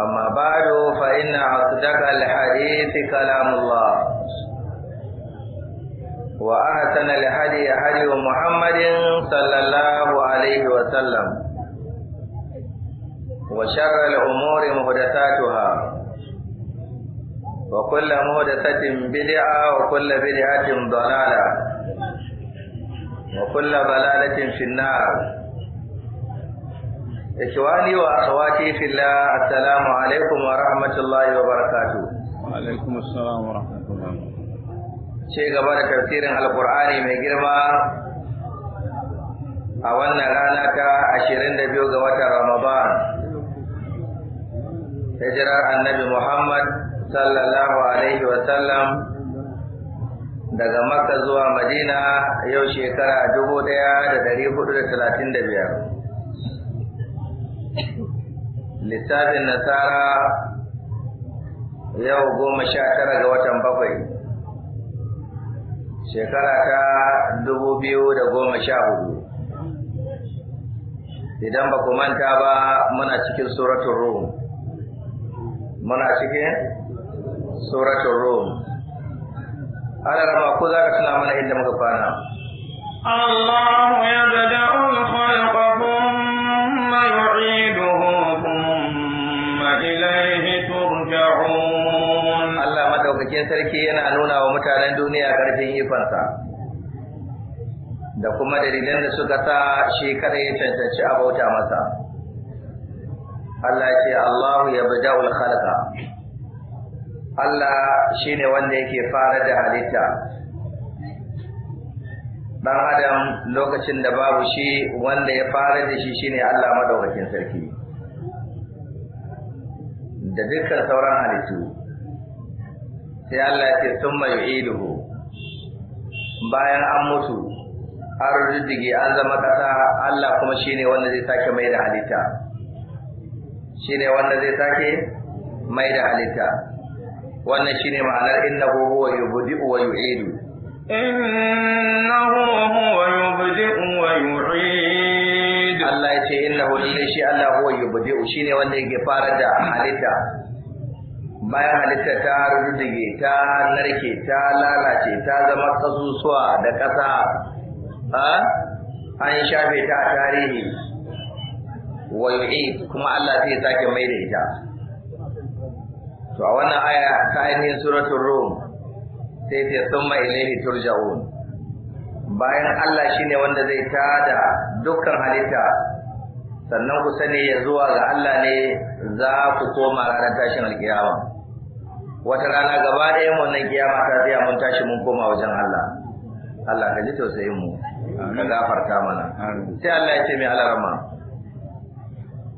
أما بعد فإن أصدق الحديث كلام الله وأحسن الهدي هدي محمد صلى الله عليه وسلم وشر الأمور محدثاتها وكل محدثة بدعة وكل بدعة ضلالة وكل ضلالة في النار Ikhwani wa akhawati fillah assalamu alaikum wa rahmatullahi wa barakatuh. Wa gaba da tafsirin Alƙur'ani mai girma a wannan rana ta 22 ga wata Ramadan. Hijirar Annabi Muhammad sallallahu alaihi wa sallam daga Makka zuwa Madina yau shekara biyar. lissafin nasara yau goma sha tara ga watan bakwai shekara ta dubu biyu da goma sha hudu idan ba ku manta ba muna cikin suratun rum muna cikin suratun rum ana rama ko za ka tuna mana inda muka kwana الله يبدأ الخلق ثم يعيده ثم madaukakin sarki yana nuna wa mutanen duniya karfin ifansa da kuma dalilan da suka sa shi kada ya cancanci a bauta masa Allah ce Allahu yabda'ul khalqa Allah shine wanda yake fara da halitta dan adam lokacin da babu shi wanda ya fara da shi shine Allah madaukakin sarki da dukkan sauran halittu sai Allah ce mayu yu'iduhu bayan an mutu har riddige an zama kasa Allah kuma shi ne wanda zai sake mai da halitta Shi ne wanda zai sake mai da halitta wannan shi ne ma'anar innahu huwa yubdi'u wa yu'idu innahu huwa yubdi'u wa yu'idu Allah ya ce innahu lillahi shi Allah huwa shi ne wanda yake fara da halitta bayan halitta ta rurruge ta narke ta lalace ta zama kasusuwa da ƙasa an shafe ta a tarihi wa kuma Allah zai sake mai da ita to a wannan aya ta ainihin suratul rum sai ta summa ilaihi turja'un bayan Allah shine wanda zai tada dukkan halitta sannan ku sani ya zuwa ga Allah ne za ku koma ranar tashin alkiyama wata rana gaba ɗayan wannan kiyama ta tsaya mun tashi mun koma wajen Allah Allah ka ji tausayin mu ka gafarta mana sai Allah ya ce mai alarma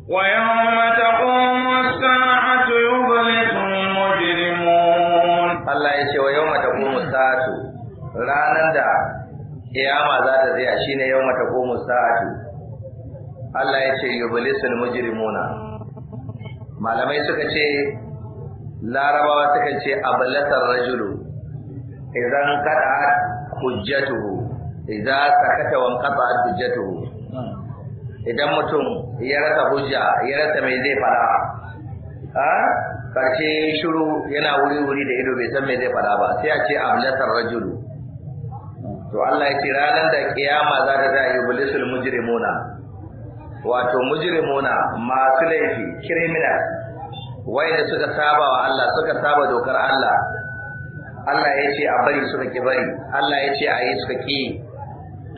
wa yawma taqumu as-sa'atu yublisu al-mujrimun Allah ya ce wa yawma taqumu as-sa'atu ranan da kiyama za ta tsaya shine yawma taqumu as-sa'atu Allah ya ce yublisu al-mujrimuna malamai suka ce larabawa suka ce ablatar rajulu idan kada hujjatuhu idan sakata wan kada hujjatuhu idan mutum ya rasa hujja ya rasa mai zai fara ha karshe shiru yana wuri wuri da ido bai san mai zai fara ba sai a ce ablatar rajulu to Allah ya ce ranar da kiyama za ta da iblisul mujrimuna wato mujrimuna masu laifi criminal da suka saba wa Allah suka saba dokar Allah Allah ya ce a bari suka ki bari Allah ya ce a yi suka ki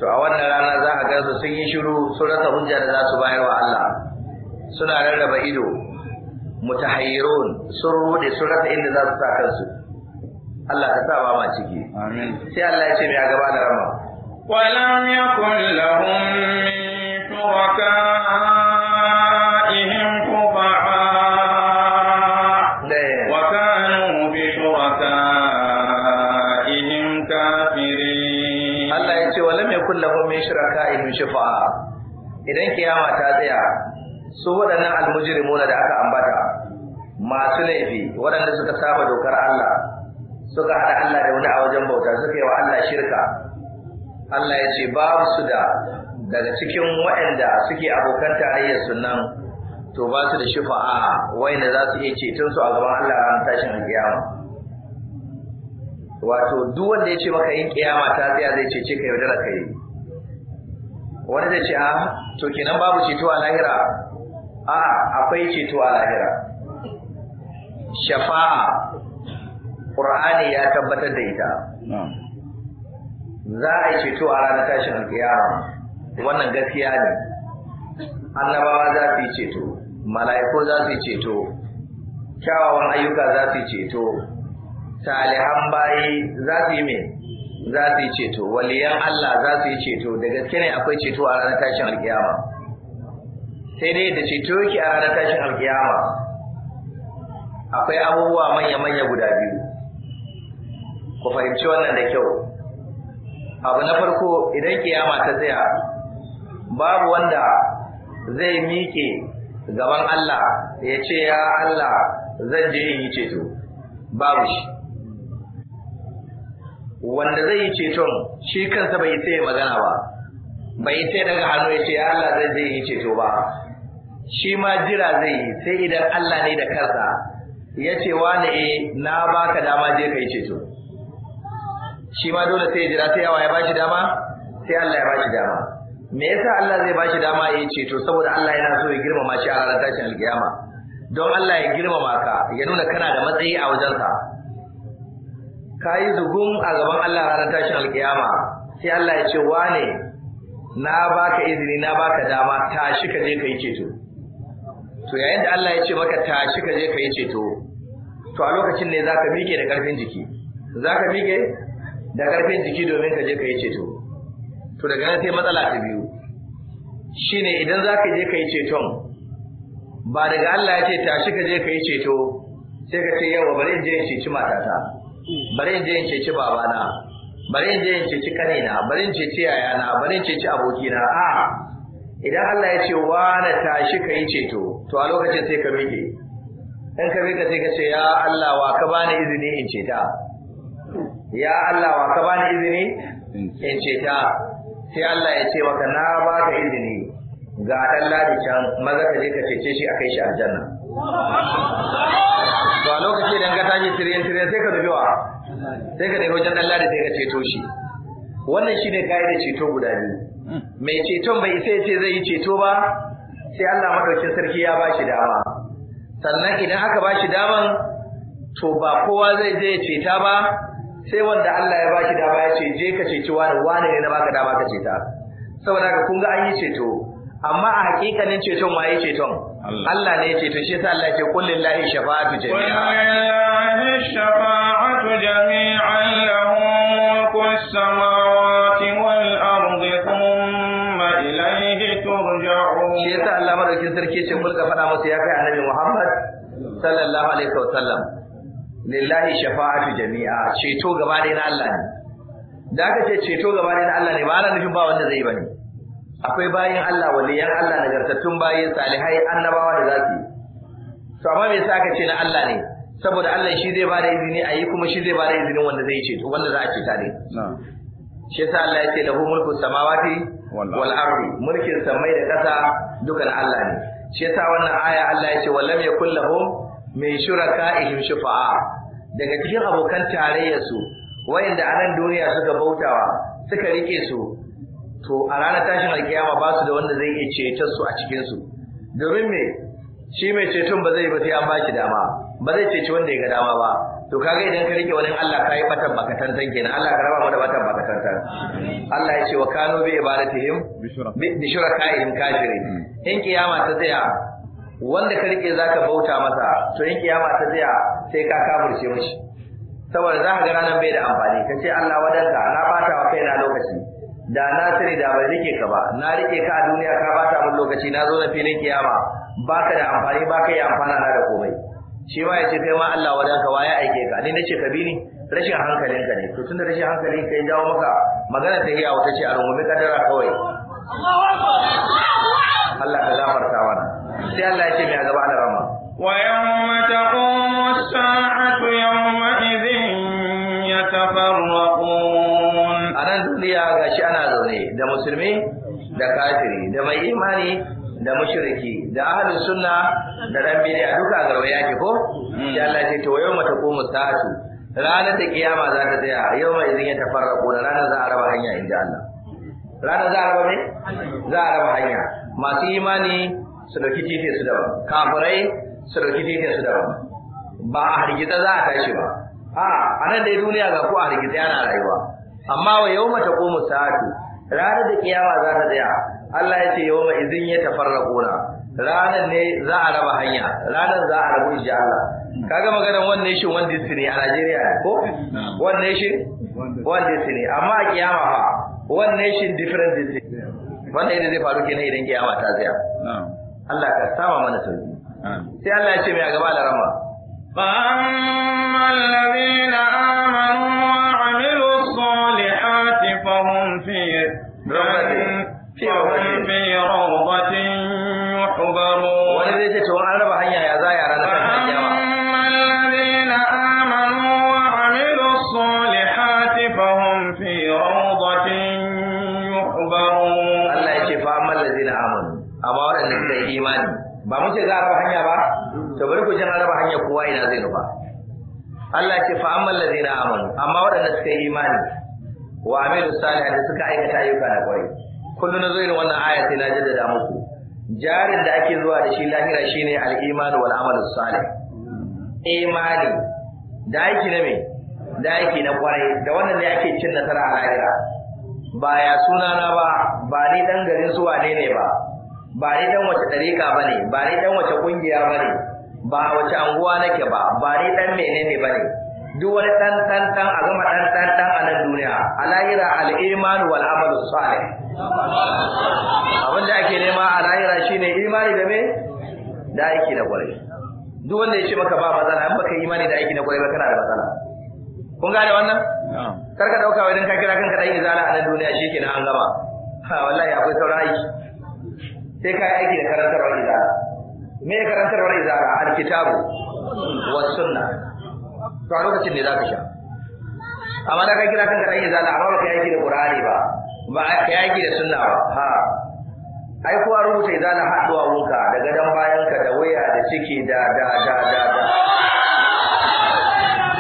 to a wannan rana za a gansu sun yi shiru sun rasa hujja da za su bayar wa Allah suna rarraba ido mutahayyirun sun rude sun rasa inda za su sa kansu Allah ka sa ma ciki amin sai Allah ya ce mai gaba da rama lam yakun lahum min shuraka alaihim shufa'a idan kiyama ta tsaya su waɗannan almujrimu da aka ambata masu laifi waɗanda suka saba dokar Allah suka hada Allah da wani a wajen bauta suka yi wa Allah shirka Allah ya ce babu su da daga cikin waɗanda suke abokan tarayyar sunan to ba su da shufa'a wayanda za su iya ceton su a gaban Allah a tashin kiyama wato duk wanda ya ce maka yin kiyama ta tsaya zai cece ka yaudara kai wani zai ce a ah, to kenan babu ceto a lahira a akwai ceto a lahira shafa'a qur'ani ya tabbatar da ita za a yi ceto a ranar tashin alkiyama wannan gaskiya ne annabawa za su yi ceto mala'iku za su yi ceto kyawawan ayyuka za su yi ceto salihan bayi za su yi mai za su yi ceto waliyan Allah za su yi ceto da gaske ne akwai ceto a ranar tashin alkiyama sai dai da ceto yake a ranar tashin alkiyama akwai abubuwa manya-manya guda biyu ku fahimci wannan da kyau abu na farko idan kiyama ta tsaya babu wanda zai miƙe gaban Allah ya ce ya Allah zan je yi ceto babu shi wanda zai yi ceton shi kansa bai sai magana ba bai sai daga hannu ya ce Allah zai zai yi ceto ba shi ma jira zai yi sai idan Allah ne da kansa ya ce wa ne eh, na baka dama je kai ceto shi ma dole sai jira sai yawa ya bashi dama sai Allah ya bashi dama me yasa Allah zai bashi dama ya ceto saboda Allah yana so ya girmama shi a ranar tashin alkiyama don Allah ya girmama ka ya nuna kana da matsayi a wajensa kayi zugum a gaban Allah ranar tashin alkiyama sai Allah ya ce wane na baka izini na baka dama tashi ka je kai ceto to yayin da Allah ya ce maka tashi ka je kai ceto to a lokacin ne zaka mike da karfin jiki zaka mike da karfin jiki domin ka je kai ceto to daga nan sai matsala ta biyu shine idan zaka je kai ceton ba daga Allah ya ce tashi ka je kai ceto sai ka ce yawa bari in je in ceci matata bari in je in ceci babana bari in je in ceci kanina bari in ceci yayana bari in ceci abokina a idan Allah ya ce wa na tashi ka yi ceto to a lokacin sai ka miƙe in ka miƙe sai ka ce ya Allah wa ka bani izini in ceta ya Allah wa ka bani izini in ceta sai Allah ya ce maka na ba ka izini ga ɗan ladi can maza ka je ka cece shi a kai shi aljanna to a lokaci idan ka tashi tiriyan tiriyan sai ka zubewa? wa sai ka nufi wajen Allah da sai ka ceto shi wannan shine kaidar ceto guda biyu mai ceton bai sai ce zai yi ceto ba sai Allah madaukakin sarki ya ba shi dama sannan idan aka ba shi daman to ba kowa zai je ya ceta ba sai wanda Allah ya ba shi dama ya ce je ka ceci wani wani ne na baka dama ka ceta saboda haka kun an yi ceto amma a hakikanin ceton ma yi ceton Allah ne ce ta shi sa Allah yake kullu lillahi shafa'atu jami'a kullu lillahi shafa'atu jami'an lahu mulku samawati wal ardi thumma ilayhi turja'un shi yasa Allah madaukin sarki ce mulka fada musu ya kai annabi Muhammad sallallahu alaihi wa sallam. lillahi shafa'atu jami'a ceto gaba ɗaya na Allah ne da aka ce ceto gaba ɗaya na Allah ne ba ana nufin ba wanda zai yi ba ne. akwai bayin Allah waliyan Allah nagartattun bayin salihai annabawa da zafi. to amma me yasa ka ce na Allah ne saboda Allah shi zai bada izini a yi kuma shi zai bada izinin wanda zai ce wanda za a ce tare shi yasa Allah ya ce lahu mulku samawati wal ardi mulkin samai da kasa dukan Allah ne shi yasa wannan aya Allah ya ce wallam yakul lahum min shuraka'ihim shufa'a daga cikin abokan tarayyarsu wayanda a nan duniya suka bautawa suka rike su to a ranar tashin alkiyama ba su da wanda zai iya ceton su a cikin su domin me shi mai ceton ba zai ba sai an ba dama ba zai ceci wanda ya ga dama ba to kaga idan ka rike wani Allah ka yi batan ke kenan Allah ka raba mu da batan tantan. Allah ya ce wa kanu bi ibadatihim bi shurakaihim kafirin in kiyama ta tsaya wanda ka rike zaka bauta masa to in kiyama ta tsaya sai ka kafirce mishi saboda za ka ga ranan bai da amfani ka ce Allah wadanka na bata wa kaina lokaci da na sani da bai rike ka ba na rike ka a duniya ka bata min lokaci na zo na filin kiyama baka da amfani baka yi amfana na da komai shi ma yace kai ma Allah wadan ka waye aike ka ni nace ka bi ni rashin hankalin ka ne to tunda rashin hankali ka ya dawo maka magana ta a wata ce a rungumi kadara kawai Allah ka gafarta mana sai Allah ya ce mai gaba da rama wa yawma taqumu as-sa'atu yawma nan duniya gashi ana zaune da musulmi da kafiri da mai imani da mushriki da ahlus sunna da dan bid'a duka garwa yake ko hmm. sai Allah ce to yawma taqumu sa'atu ranar da kiyama za ta tsaya yau yawma idan ya da ranar za a raba hanya inda Allah ranar za a raba me za a raba hanya masu imani su dauki titin su daban kafirai su dauki titin su daban ba a hargitsa za a tashi ba a anan dai duniya ga ko a hargitsa yana rayuwa amma wa yawma taqumu sa'atu ranar da kiyama za ta tsaya Allah ya ce yawma idin ya tafarraquna ranar ne za a raba hanya ranar za a rabu insha Allah kaga maganar one nation one destiny a Najeriya ko one nation one destiny amma a kiyama fa one nation different destiny wanda idan zai faru kenan idan kiyama ta tsaya Allah ka sama mana sauki sai Allah ya ce mai a gaba da rama فأما الذين آمنوا وعملوا الصالحات فهم في فهم في روضة يحبرون فأما الذين آمنوا وعملوا الصالحات فهم في روضة يحبرون Allah ya ce fa amma ba mun ce za a hanya ba to bari ku jira raba hanyar kowa ina zai nufa Allah ce fa amman ladina amanu amma wadanda suka yi imani wa amilu salihati suka aikata ayyuka na kwarai kullu na irin wannan aya sai na jaddada muku jarin da ake zuwa da shi lahira shine al-iman wal amal salih imani da aiki na me da aiki na kwarai da wannan ne ake cin nasara a lahira ba ya suna na ba ba ni dan garin zuwa ne ne ba ba ni dan wace dariƙa bane ba ni dan wace kungiya bane ba wace anguwa nake ba ba ni dan menene ne duk wani dan dan dan a zama dan dan dan a nan duniya alahira al-iman wal amalu salih da ake nema a lahira shine imani da me da aiki da kwarai duk wanda ya ce maka ba matsala in baka imani da aiki da kwarai ba kana da matsala kun gane wannan kar ka dauka wai dan ka kira kanka dan izala a nan duniya shikenan an gama ha wallahi akwai saurayi sai ka yi aiki da karantarwa izala me ya zara al alkitabu wa sunna to a lokacin ne ka sha amma da ka kira kanka dan izara amma baka yaki da qur'ani ba ba ka yaki da sunna ba ha ai kuwa rubuta izara haɗuwa wunka dan bayan ka da waya da ciki da da da da da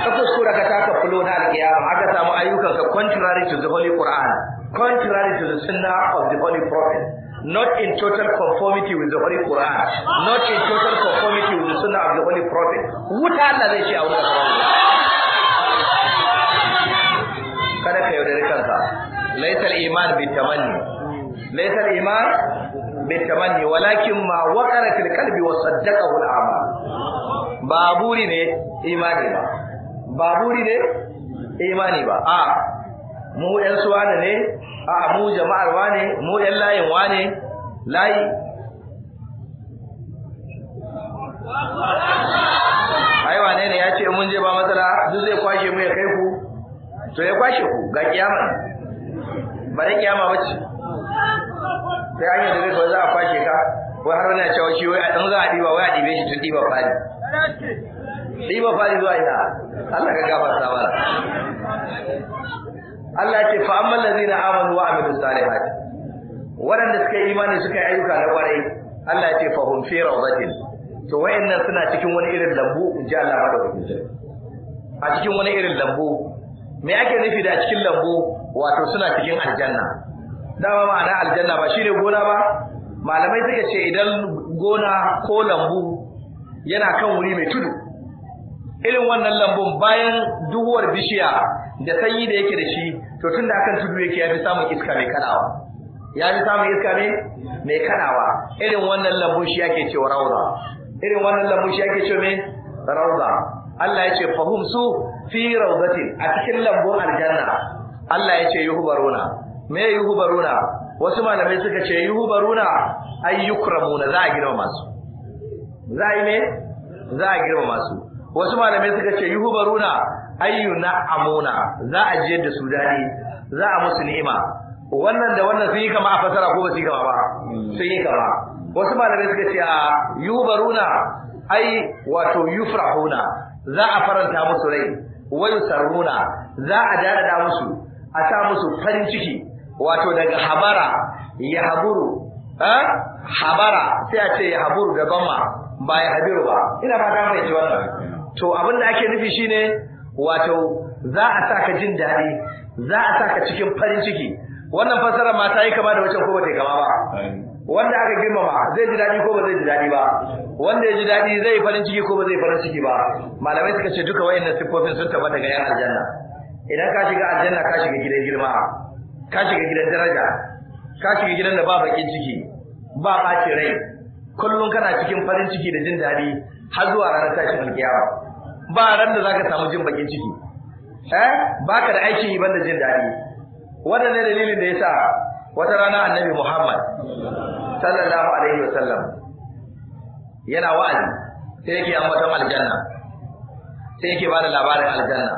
ka kuskura ka taka fulo na alkiyama aka samu ayyukan ka contrary to the holy qur'an contrary to the sunnah of the holy prophet not in total conformity with the Holy Quran, not in total conformity with the Sunnah of the Holy Prophet. Wuta Allah zai ce a wuta Kada ka yaudari kanka. Laisar iman bi tamanni. Laisar iman bi tamanni walakin ma waqara fil qalbi wa saddaqahu al amal. Baburi ne imani ba. Baburi ne imani ba. A ah. mu ƴan suwana ne a mu jama'ar wane mu ƴan layin wane layi ai ne ne ya ce mun je ba matsala duk zai kwashe mu ya kai ku to ya kwashe ku ga kiyama ba da kiyama ce. sai an yi da zai za a kwashe ka wai har wani cewa shi wai a ɗan za a ɗiba wai a ɗibe shi tun ɗiba fari ɗiba fari zuwa ina Allah ka gafarta mana Allah ya ce fa amma allazina amanu wa amilus salihati waɗanda suka yi imani suka yi ayyuka na kwarai Allah ya ce fa hum fi rawdatin to wayannan suna cikin wani irin lambu in ji Allah madaukakin sarki a cikin wani irin lambu me ake nufi da cikin lambu wato suna cikin aljanna dama ma'ana aljanna ba shine gona ba malamai suka ce idan gona ko lambu yana kan wuri mai tudu irin wannan lambun bayan duhuwar bishiya da sanyi da yake da shi to tun da akan tudu yake ya fi samun iska mai kanawa ya fi samun iska ne mai kanawa irin wannan lambun shi yake cewa rauza irin wannan lambun shi yake cewa me rauza Allah ya ce fahum su fi raudatin a cikin lambun aljanna Allah ya ce yuhbaruna me yuhbaruna wasu malamai suka ce yuhbaruna ay yukramuna za a girma masu za a yi me za a girma masu wasu malamai suka ce yuhbaruna na amuna za a je da su dadi za a musu ni'ima wannan da wannan sun yi kama a fasara ko ba su yi kama ba sun yi kama wasu malamai suka ce a yubaruna ai wato yufrahuna za a faranta musu rai wayu saruna za a dada musu a sa musu farin ciki wato daga habara ya haburu eh, habara sai a ce ya haburu da bamma ba ya habiru ba ina fata mai fahimci wannan to abin da ake nufi shine wato za a sa ka jin daɗi za a sa ka cikin farin ciki wannan fassara ma yi kama da wacce ko ba yi kama ba wanda aka girmama zai ji daɗi ko ba zai ji daɗi ba wanda ya ji daɗi zai farin ciki ko ba zai farin ciki ba malamai suka ce duka wayannan siffofin sun tabbata ga yan aljanna idan ka shiga aljanna ka shiga gidan girma ka shiga gidan daraja ka shiga gidan da ba bakin ciki ba ɓacin rai kullum kana cikin farin ciki da jin daɗi har zuwa ranar tashin alkiyama ba ran da zaka samu jin bakin ciki eh baka da aiki yi banda jin dadi wannan ne dalilin da yasa wata rana annabi Muhammad sallallahu alaihi wasallam yana wa'azi sai yake ambata aljanna sai yake bada labarin aljanna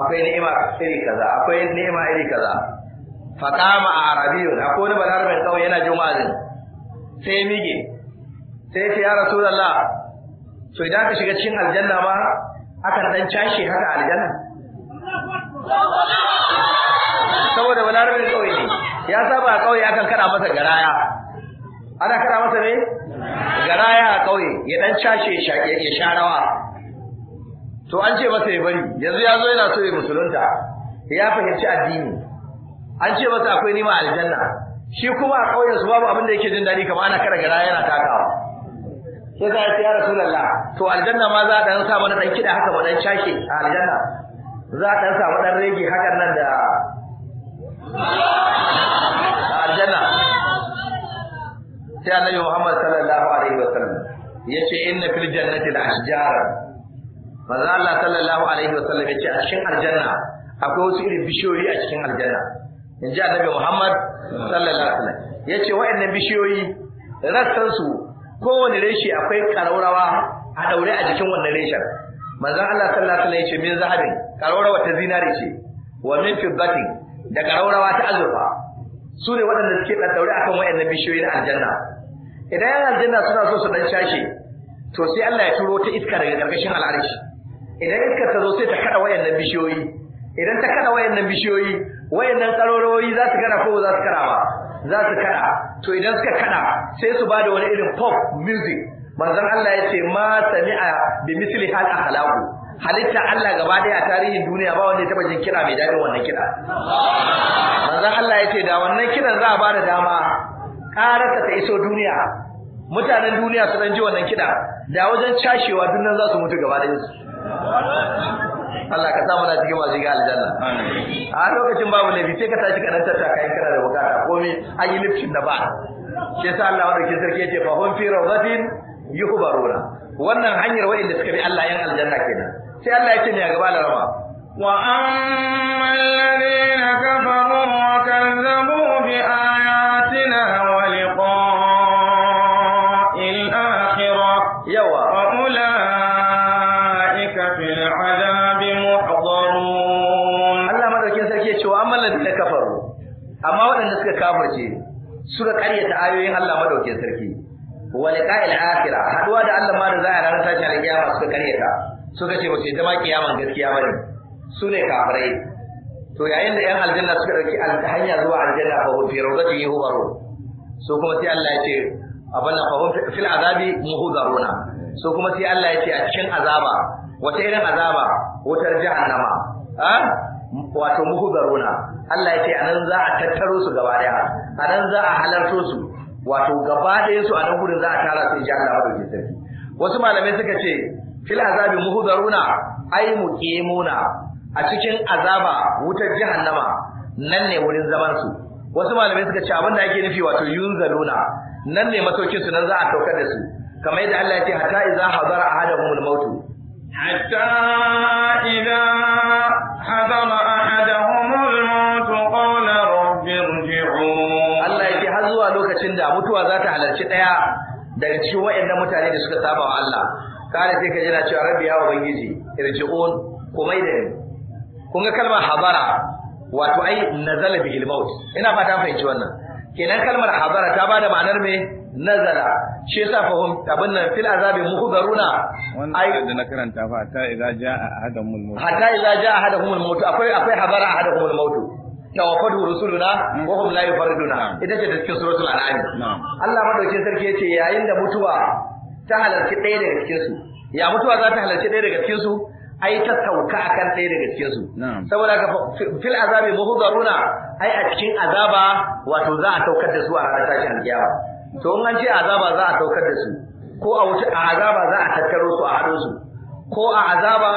akwai ni'ima iri kaza akwai ni'ima iri kaza faqama arabiyun akwai wani balarabin kawai yana jin wa'azin sai mige sai ya ce ya rasulullah to idan ka shiga cikin aljanna ma na dan cashe haka aljanna saboda balarabin kauye ne ya saba a kauye akan kada masa garaya ana kada masa ne garaya a kauye ya dan cashe ya sha rawa to an ce masa ya bari yanzu ya zo yana so ya musulunta ya fahimci addini an ce masa akwai nima aljanna shi kuma a kauyen su babu abin da yake jin daɗi kamar ana kada garaya yana takawa sai za a ce ya rasulullah to aljanna ma za a dan sa mana dan kida haka mu dan shake a aljanna za a dan sa mu dan rege hakan nan da aljanna sai annabi Muhammad sallallahu alaihi wasallam yace inna fil jannati la ashjara manzo Allah sallallahu alaihi wasallam yace a cikin aljanna akwai wasu irin bishiyoyi a cikin aljanna inji annabi Muhammad sallallahu alaihi wasallam yace wa'annan bishiyoyi rassansu. kowane reshe akwai karaurawa a daure a jikin wannan reshen manzon Allah sallallahu alaihi wasallam ya ce min zahabin karaurawa ta zinare ce wa min fiddati da karaurawa ta azurfa su ne waɗanda suke dan daure akan wayannan bishiyoyi na aljanna idan yan aljanna suna so su dan shashe to sai Allah ya turo ta iska daga karkashin al'arshi idan iskar ta zo sai ta kada wayannan bishiyoyi idan ta kada wayannan bishiyoyi wayannan karaurawoyi za su gara ko za su kara ba za su kada to idan suka kada sai su bada wani irin pop music manzon Allah yace ce ma sami'a bi misli hal akhlaqu halitta Allah gaba daya a tarihin duniya ba wanda ya taba jin kira mai dadin wannan kira manzon Allah yace da wannan kiran za a bada dama karasa ta iso duniya mutanen duniya su dan ji wannan kira da wajen cashewa dukkan za su mutu gaba daya Allah ka samu na cikin masu aljanna a lokacin babu laifi sai ka tashi kanan tatta kayan kana da bukata komai an yi lifshin da ba Ke sa Allah ke sarki ya ce fa hum fi rawdatin yuhbaruna wannan hanyar waɗanda suka bi Allah yan aljanna kenan sai Allah ya ce ne a gaba wa amma alladhina kafaru wa kazzabu bi suka karyata ayoyin Allah madaukakin sarki wa liqa'il akhirah haduwa da Allah ma da za a ranar tashin alkiyama suka karyata suka ce ba su yi kiyaman gaskiya bane su ne kafirai to yayin da yan aljanna suka dauki hanya zuwa aljanna fa fi rawdati yuhbaru su kuma sai Allah ya ce abana fa hum fil azabi muhdaruna su kuma sai Allah ya ce a cikin azaba wata irin azaba wutar jahannama a ah? wato muhdaruna Allah ya ce a nan za a tattaro su gaba daya a nan za a halarto su wato gaba daya su a nan gudun za a tara su insha Allah ke sarki wasu malamai suka ce fil azabi muhdaruna ay muqimuna a cikin azaba wutar jahannama nan ne wurin zaman su wasu malamai suka ce abinda ake nufi wato yunzaluna nan ne matokin su nan za a saukar da su kamar yadda Allah ya ce hatta idza hadara ahadahumul maut hatta idza hadara lokacin da mutuwa za ta halarci ɗaya daga cikin waɗannan mutane da suka saba wa Allah kare sai ka jira cewa rabbi ya ubangiji irji'un kuma da ni kun ga kalmar habara wato ai nazala bihil ina fata fahimci wannan kenan kalmar habara ta bada ma'anar me nazara. shi yasa fahim abin nan fil azabi muhdaruna ai da na karanta fa hatta idza jaa ahadahumul maut hatta idza jaa ahadahumul maut akwai akwai habara ahadahumul maut tawafadu rusuluna hmm. wa hum la yufarriduna ita ce cikin suratul an'am Allah madaukin sarki yace yayin da mutuwa ta halarci ɗaya daga cikin su ya mutuwa za ta halarci ɗaya daga cikin su ai ta sauka akan ɗaya daga cikin su saboda ka fil azabi muhdaruna ai a cikin azaba wato za a saukar da su a ranar tashin alkiyama to in an ce azaba za a saukar da su ko a wuce a azaba za a tattaro su a haɗo su ko a azaba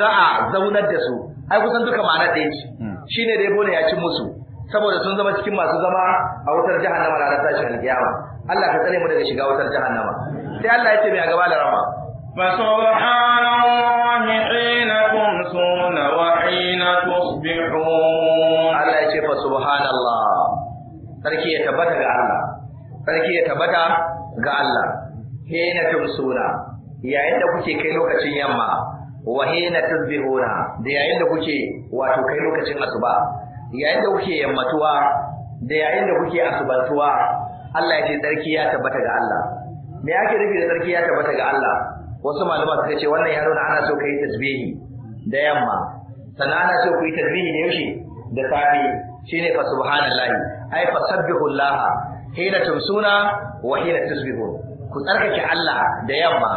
za a zaunar da su ai kusan duka ma'ana ɗaya ce hmm. shine da yabo ne ya cin musu saboda sun zama cikin masu zama a wutar jahannama ranar tashin alkiyama Allah ka tsare mu daga shiga wutar jahannama sai Allah ya ce mai a gaba da rama فسبحان الله حين تمسون وحين تصبحون الله يشفى فسبحان الله sarki ya tabbata ga Allah sarki ya tabbata ga Allah hina tumsuna yayin da kuke kai lokacin yamma Wahina hina tasbihuna da yayin da kuke wato kai lokacin asuba yayin da kuke yammatuwa da yayin da kuke asubantuwa Allah ya ce tsarki ya tabbata ga Allah me yake nufi da tsarki ya tabbata ga Allah wasu malama suka ce wannan ya nuna ana so kai tasbihi da yamma sannan ana so ku yi tasbihi da yaushe da safe shine fa subhanallahi ai fa sabbihullaha hina tumsuna wa hina tusbihun ku tsarkake Allah da yamma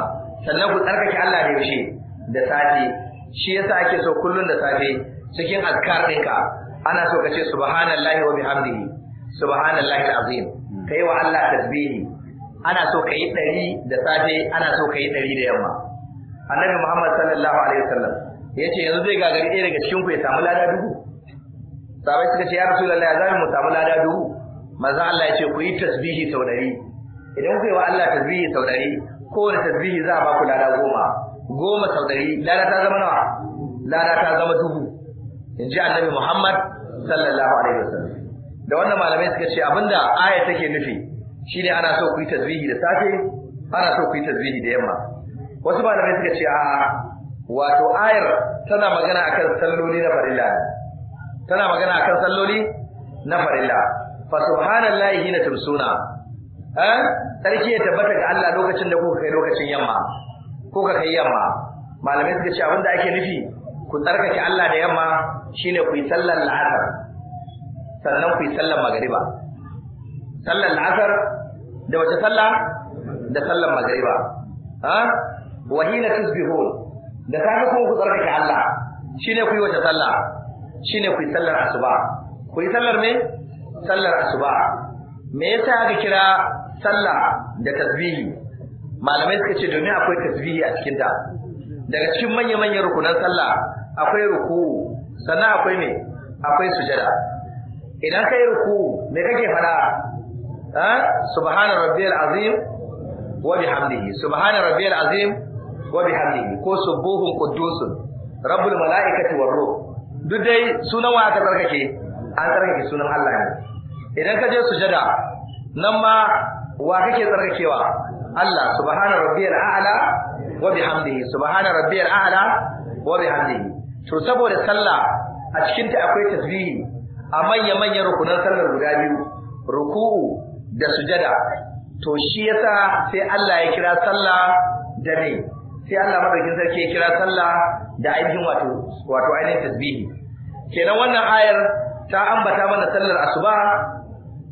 sannan ku tsarkake Allah da yaushe da safe shi yasa ake so kullun da safe cikin azkar ɗinka ana so ka ce subhanallahi wa bihamdihi subhanallahi alazim kai wa Allah tasbihi ana so ka yi ɗari da safe ana so ka yi ɗari da yamma annabi Muhammad sallallahu alaihi wasallam ya ce yanzu zai gagari ɗaya daga cikin ku ya samu lada dubu sabai suka ce ya rasulullahi ya zai mu samu lada dubu Maza Allah ya ce ku yi tasbihi sau ɗari idan ku yi wa Allah tasbihi sau ɗari kowane tasbihi za a ba ku lada goma goma sau ɗari lada ta zama nawa lada ta zama dubu in ji annabi muhammad sallallahu alaihi wasallam da wannan malamai suka ce abinda aya take nufi shine ana so ku yi tasbihi da safe ana so ku yi tasbihi da yamma wasu malamai suka ce a wato ayar tana magana akan salloli na farilla tana magana akan salloli na farilla fa subhanallahi hina tumsuna eh sarki ya tabbata ga Allah lokacin da kuka kai lokacin yamma ko ka kai yamma malamai suka ce abinda ake nufi ku tsarkake Allah da yamma shine ku yi sallar la'asar sannan ku yi sallar magariba sallar la'asar da wace sallah da sallar magariba ha wa hina tusbihun da safe kuma ku tsarkake Allah shine ku yi wace sallah shine ku yi sallar asuba ku yi sallar me sallar asuba me yasa aka kira sallah da tasbihi malamai suka ce domin akwai tasbihi a cikin ta daga cikin manya-manyan rukunan sallah akwai ruku. sannan akwai ne? akwai sujada idan kai ruku, me kake fada ha subhana rabbiyal azim wa bihamdihi subhana rabbiyal azim wa bihamdihi ko subuhun quddusun rabbul malaikati war ruh duk dai sunan wa aka tsarkake an tsarkake sunan Allah ne idan ka je sujada nan ma wa kake tsarkakewa Allah subhana rabbiyal a'la wa bihamdihi subhana rabbiyal a'la wa bihamdihi to saboda sallah a cikin ta akwai tasbihi a manya manyan rukunan sallar guda biyu ruku'u da sujada to shi yasa sai Allah ya kira sallah da ne sai Allah madaukin sarki ya kira sallah da ainihin wato wato ainihin tasbihi kenan wannan ayar ta ambata mana sallar asuba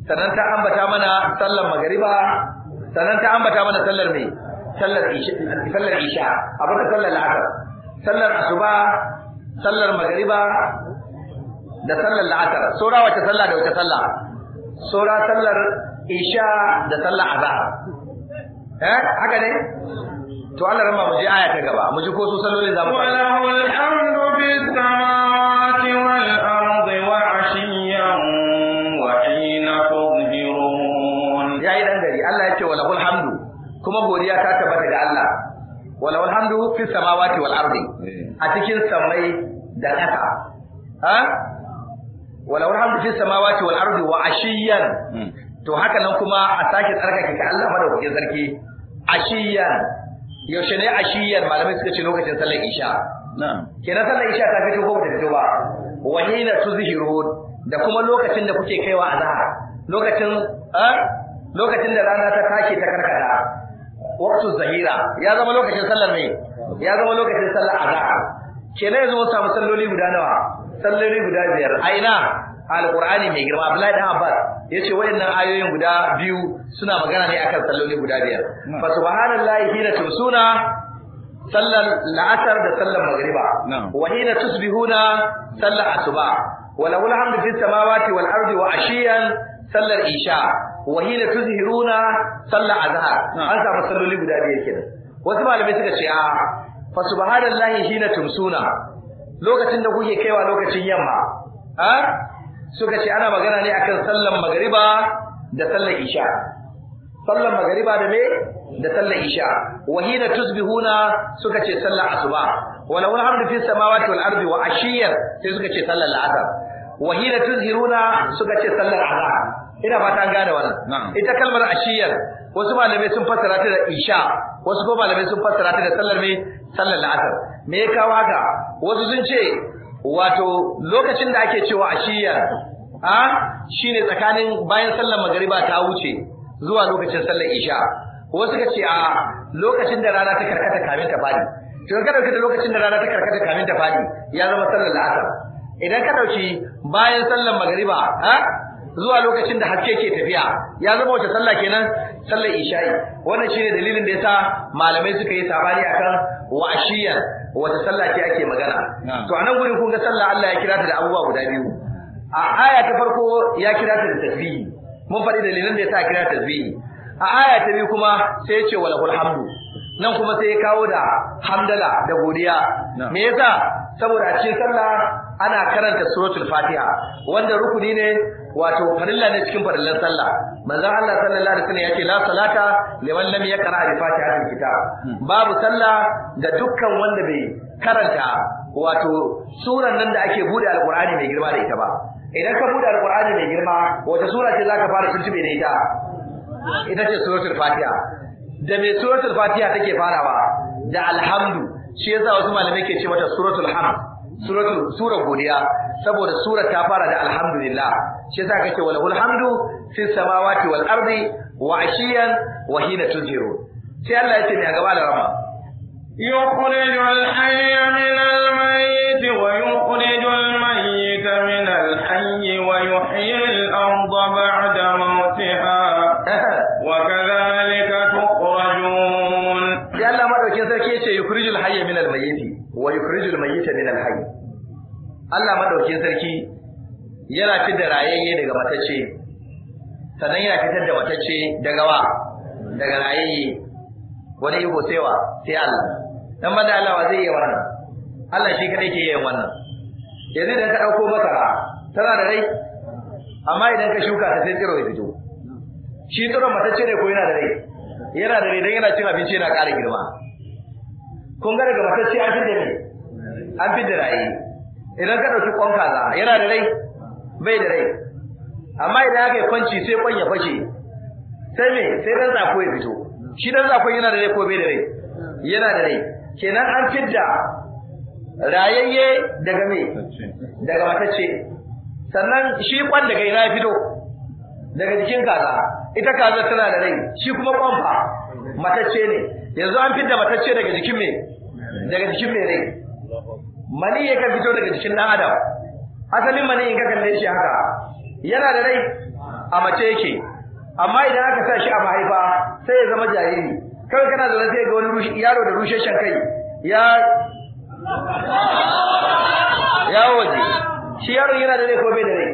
sannan ta ambata mana sallar magariba sannan ta ambata mana sallar me sallar isha sallar isha sallar la'asar sallar asuba sallar magriba da sallar la'asar sora wace sallah da wace sallah sora sallar isha da sallar azhar eh haka ne to Allah rama mu ji aya ta gaba mu ji ko su sallolin zamu wala wal hamdu bis samawati wal godiya ta tabbata ga Allah walau alhamdu fi samawati wal ardi eh. a cikin samai da ƙasa ha walau alhamdu fi samawati wal ardi wa ashiyan hmm. to haka nan kuma a sake tsarkake ka Allah madaukakin sarki ashiyan yaushe ne ashiyan malamai suka ce lokacin sallar isha na'am kenan sallar isha ta fito ko ba ta fito ba wa hina tuzhirun da kuma lokacin da kuke kaiwa azhar lokacin lokacin da rana ta take ta karkada waqtu zahira ya zama lokacin sallar ne ya zama lokacin sallar azhar kenan yanzu mun samu salloli guda nawa salloli guda biyar a ina alqur'ani mai girma abdullahi dan abbas yace wayannan ayoyin guda biyu suna magana ne akan salloli guda biyar fa subhanallahi hina tusuna sallar la'asar da sallar magriba wa hina tusbihuna sallar asuba wa lahul hamdu fis samawati wal ardi wa ashiyan sallar isha wa hina tuzhiruna sallah azhar an samu salloli guda biyar kenan wasu malamai suka ce a fa subhanallahi hina tumsuna lokacin da kuke kaiwa lokacin yamma a suka ce ana magana ne akan sallan magriba da sallar isha sallan magriba da me da sallar isha wahina hina tusbihuna suka ce sallar asuba wa lahu alhamdu fis samawati wal ardi wa ashiyan sai suka ce sallar al'asr wahina hina tuzhiruna suka ce sallar azhar ina fata an gane wannan ita kalmar ashiyar wasu malamai sun fassara ta da isha wasu ko malamai sun fassara ta da sallar me sallar la'asar me ya kawo haka wasu sun ce wato lokacin da ake cewa ashiyar a shine tsakanin bayan sallar magariba ta wuce zuwa lokacin sallar isha wasu ka ce a lokacin da rana ta karkata kamin ta fadi to ka dauki lokacin da rana ta karkata kamin ta fadi ya zama sallar la'asar idan ka dauki bayan sallar magariba ha zuwa lokacin da haske ke tafiya ya zama wace sallah kenan sallar isha'i wannan shine dalilin da yasa malamai suka yi sabani akan washiyan wace sallah ce ake magana to anan gurin kun ga sallah Allah ya kira ta da abubuwa guda biyu a aya ta farko ya kira ta da tasbihi mun faɗi dalilin da yasa kira tasbihi a aya ta biyu kuma sai ya ce walakul hamdu nan kuma sai ya kawo da hamdala da godiya me yasa saboda a cikin sallah ana karanta suratul fatiha wanda rukuni ne wato farilla ne cikin farillan sallah manzo Allah sallallahu alaihi wasallam yace la salata liman lam al fatiha al kitab babu sallah da dukkan wanda bai karanta wato suran nan da ake bude alqur'ani mai girma da ita ba idan ka bude alqur'ani mai girma wace sura ce zaka fara tuntube da ita ita ce suratul fatiha da mai suratul fatiha take farawa da alhamdu shi yasa wasu malamai ke ce mata suratul hamd suratul sura godiya saboda sura ta fara da alhamdulillah shi yasa kake wa lahul hamdu fis samawati wal ardi wa ashiyan wa hina tuzhiru sai Allah ya ce ne a gaba da rama يخرج الحي من الميت ويخرج الميت من الحي ويحيي الأرض بعد موتها وكذلك تخرجون يا الله ما دوكين سركي يخرج الحي من الميت ويخرج الميت من الحي Allah madaukin sarki yana fitar da rayayye daga matacce sannan yana fitar da matacce daga wa daga rayayye wani iko sai wa sai Allah dan banda Allah wa zai yi wannan Allah shi kadai ke yi wannan yanzu idan ka dauko masara tana da rai amma idan ka shuka ta sai tsiro ya fito shi tsiro matacce ne ko yana da rai yana da rai dan yana cin abinci yana ƙara girma kun ga daga matacce an fi da rai an fi da rayi idan ka dauki kwan kaza yana da rai bai da rai amma idan aka yi kwanci sai kwan ya fashe sai me sai dan zako ya fito shi dan zakon yana da rai ko bai da rai yana da rai kenan an fidda rayayye daga me daga matacce sannan shi kwan daga ina ya fito daga jikin kaza ita kaza tana da rai shi kuma kwan fa matacce ne yanzu an fidda matacce daga jikin me daga jikin me rai mani yake fito daga jikin dan adam asalin mani in ka kalle shi haka yana da rai a mace yake amma idan aka sa shi a mahaifa sai ya zama jariri kawai kana da sai ga wani yaro da rushe shan kai ya ya waje shi yaro yana da rai ko bai da rai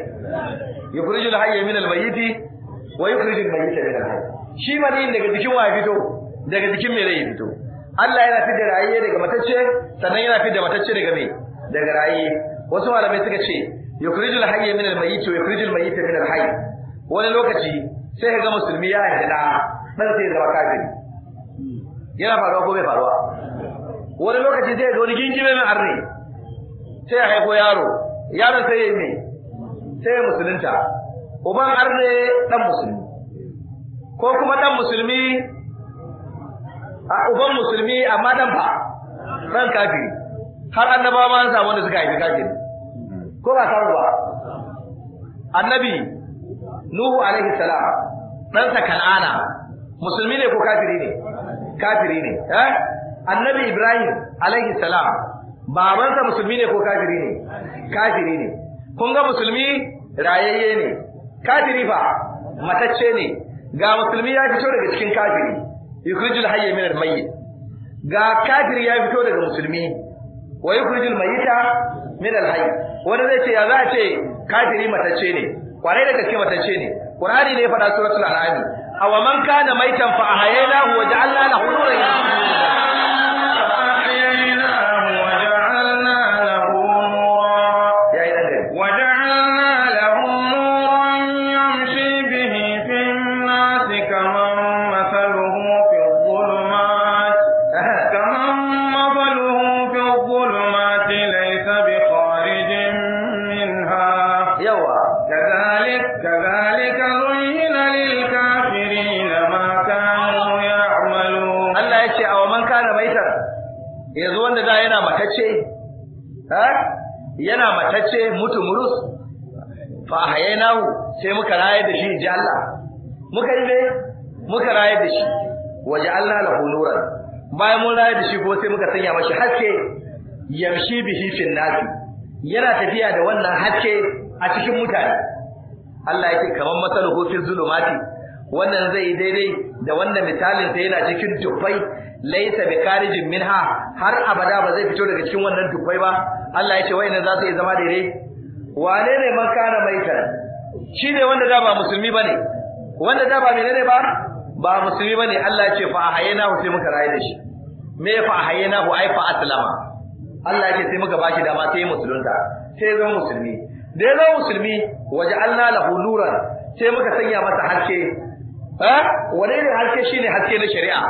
yukhrijul hayya min al-mayyiti wa yukhrijul mayyita min al-hayy shi mani daga jikin wa fito daga jikin mai rai fito Allah yana fidda da daga matacce sannan yana fidda da matacce daga mai daga ra'ayi. wasu malamai suka ce yukhrijul hayya min al-mayyit wa yukhrijul mayyita min al-hayy wani lokaci sai ka ga musulmi ya yi da dan sai zama kafiri yana faruwa ko bai faruwa wani lokaci sai ga wani gingire na arni sai ya haifo yaro yaron sai ya yi mai sai ya musulunta uban arne dan musulmi ko kuma dan musulmi a uban musulmi amma dan ba dan kafiri har annabawa ma an samu wanda suka haifi kafiri ko ba samu ba annabi nuhu alaihi salam sa kan'ana musulmi ne ko kafiri ne kafiri ne eh annabi ibrahim alaihi salam babansa musulmi ne ko kafiri ne kafiri ne kun ga musulmi rayayye ne kafiri fa matacce ne ga musulmi ya fito daga cikin kafiri yukhrijul hayya min al-mayyit ga kafiri ya fito daga musulmi wa yukhrijul mayita min al-hayy wanda zai ce ya za ce kafiri matacce ne kwarai da ke matacce ne qur'ani ne ya fada suratul an'am aw man kana maitan fa ahyaynahu wa ja'alna lahu nuran yanzu wanda za yana matacce ha yana matacce mutu murus fa ahyaynahu sai muka rayar da shi ji Allah muka yi ne muka rayar da shi waje Allah lahu nuran bayan mun rayar da shi ko sai muka sanya mashi haske yamshi bihi fil nas yana tafiya da wannan haske a cikin mutane Allah yake kaman masaluhu fil zulumati wannan zai daidai da wannan misalin sai yana cikin dubai Laisa bi karijin minha har abada ba zai fito daga cikin wannan dufai ba Allah ya ce wayannan za su yi zama daidai wane ne man kana maitan shi ne wanda da ba musulmi bane wanda da ba menene ba ba musulmi bane Allah ya ce fa ahayna hu sai muka rayu da shi me fa ahayna hu ai fa aslama Allah ya ce sai muka bashi dama sai musulunta sai zama musulmi da ya zama musulmi waja'alna lahu nuran sai muka sanya masa haske eh? wane ne haske shine haske na shari'a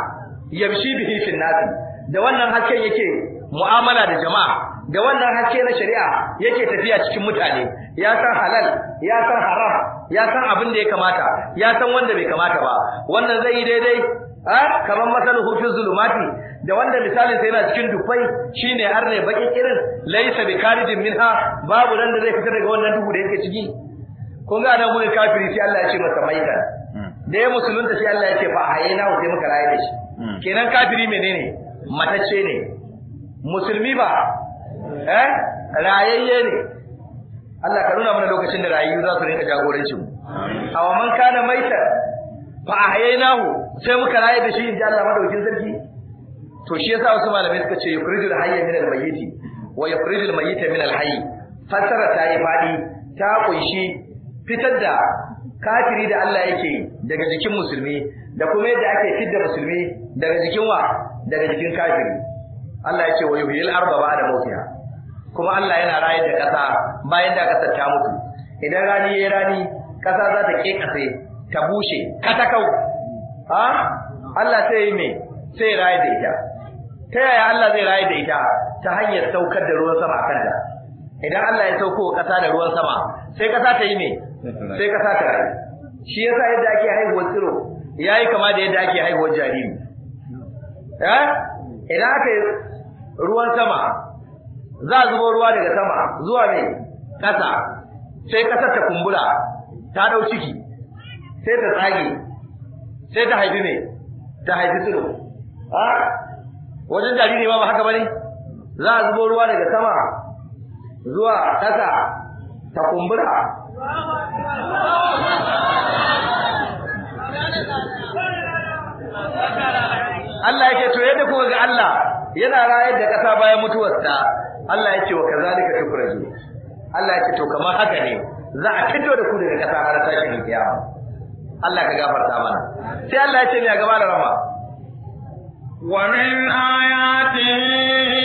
yamshi bihi fil nas da wannan hakken yake mu'amala da jama'a da wannan haske na shari'a yake tafiya cikin mutane ya san halal ya san haram ya san abin da ya kamata ya san wanda bai kamata ba wannan zai yi daidai a kamar masalan hufin zulumati da wanda misalin sai yana cikin dufai shine har ne bakin irin laysa bi karijin minha babu nan da zai fita daga wannan duhu da yake ciki kun ga nan gurin kafiri sai Allah ya ce masa maita hmm. da ya musulunta sai Allah ya ce fa hayina sai muka rayu da shi Hmm. kenan kafiri menene matacce ne musulmi ba eh rayayye ne Allah ka nuna mana lokacin da rayu za su rinka jagorancin mu awa man kana maita fa ahyaynahu sai muka raye da shi in ji Allah madaukin sarki to shi yasa wasu malamai suka ce yukhrijul hayya min al-mayyit wa yukhrijul mayyita min al-hayy fasara ta yi fadi ta kunshi fitar da kafiri da Allah yake yi daga jikin musulmi da kuma yadda ake fidda musulmi daga jikin wa daga jikin kafiri Allah yake wa yuhyil arda ba'da mawtiha kuma Allah yana rayar da kasa bayan da kasa ta mutu idan rani yayi rani kasa za ta kase ta bushe kau?" ha Allah sai yi me sai rayar da ita ta yaya Allah zai rayar da ita ta hanyar saukar da ruwan sama a kanta idan Allah ya sauko kasa da ruwan sama sai kasa ta yi me sai ka saka rai shi yasa yadda ake haihuwar tsiro yayi kama da yadda ake haihuwar jariri eh idan aka ruwan sama za a zubo ruwa daga sama zuwa ne? kasa sai kasar ta kumbura ta dau ciki sai ta tsage sai ta haifi ne, ta haifi tsiro a wajen jariri ma ba haka bane za a zubo ruwa daga sama zuwa kasa ta kumbura Allah yake to yadda kuka ga Allah yana rayar da ƙasa bayan mutuwarsa Allah yake wa kazalika tukraju Allah yake to kamar haka ne za a fito da ku daga ƙasa har tashin kiyama Allah ka gafarta mana sai Allah ya ce ne a gaba da rama wa min ayatihi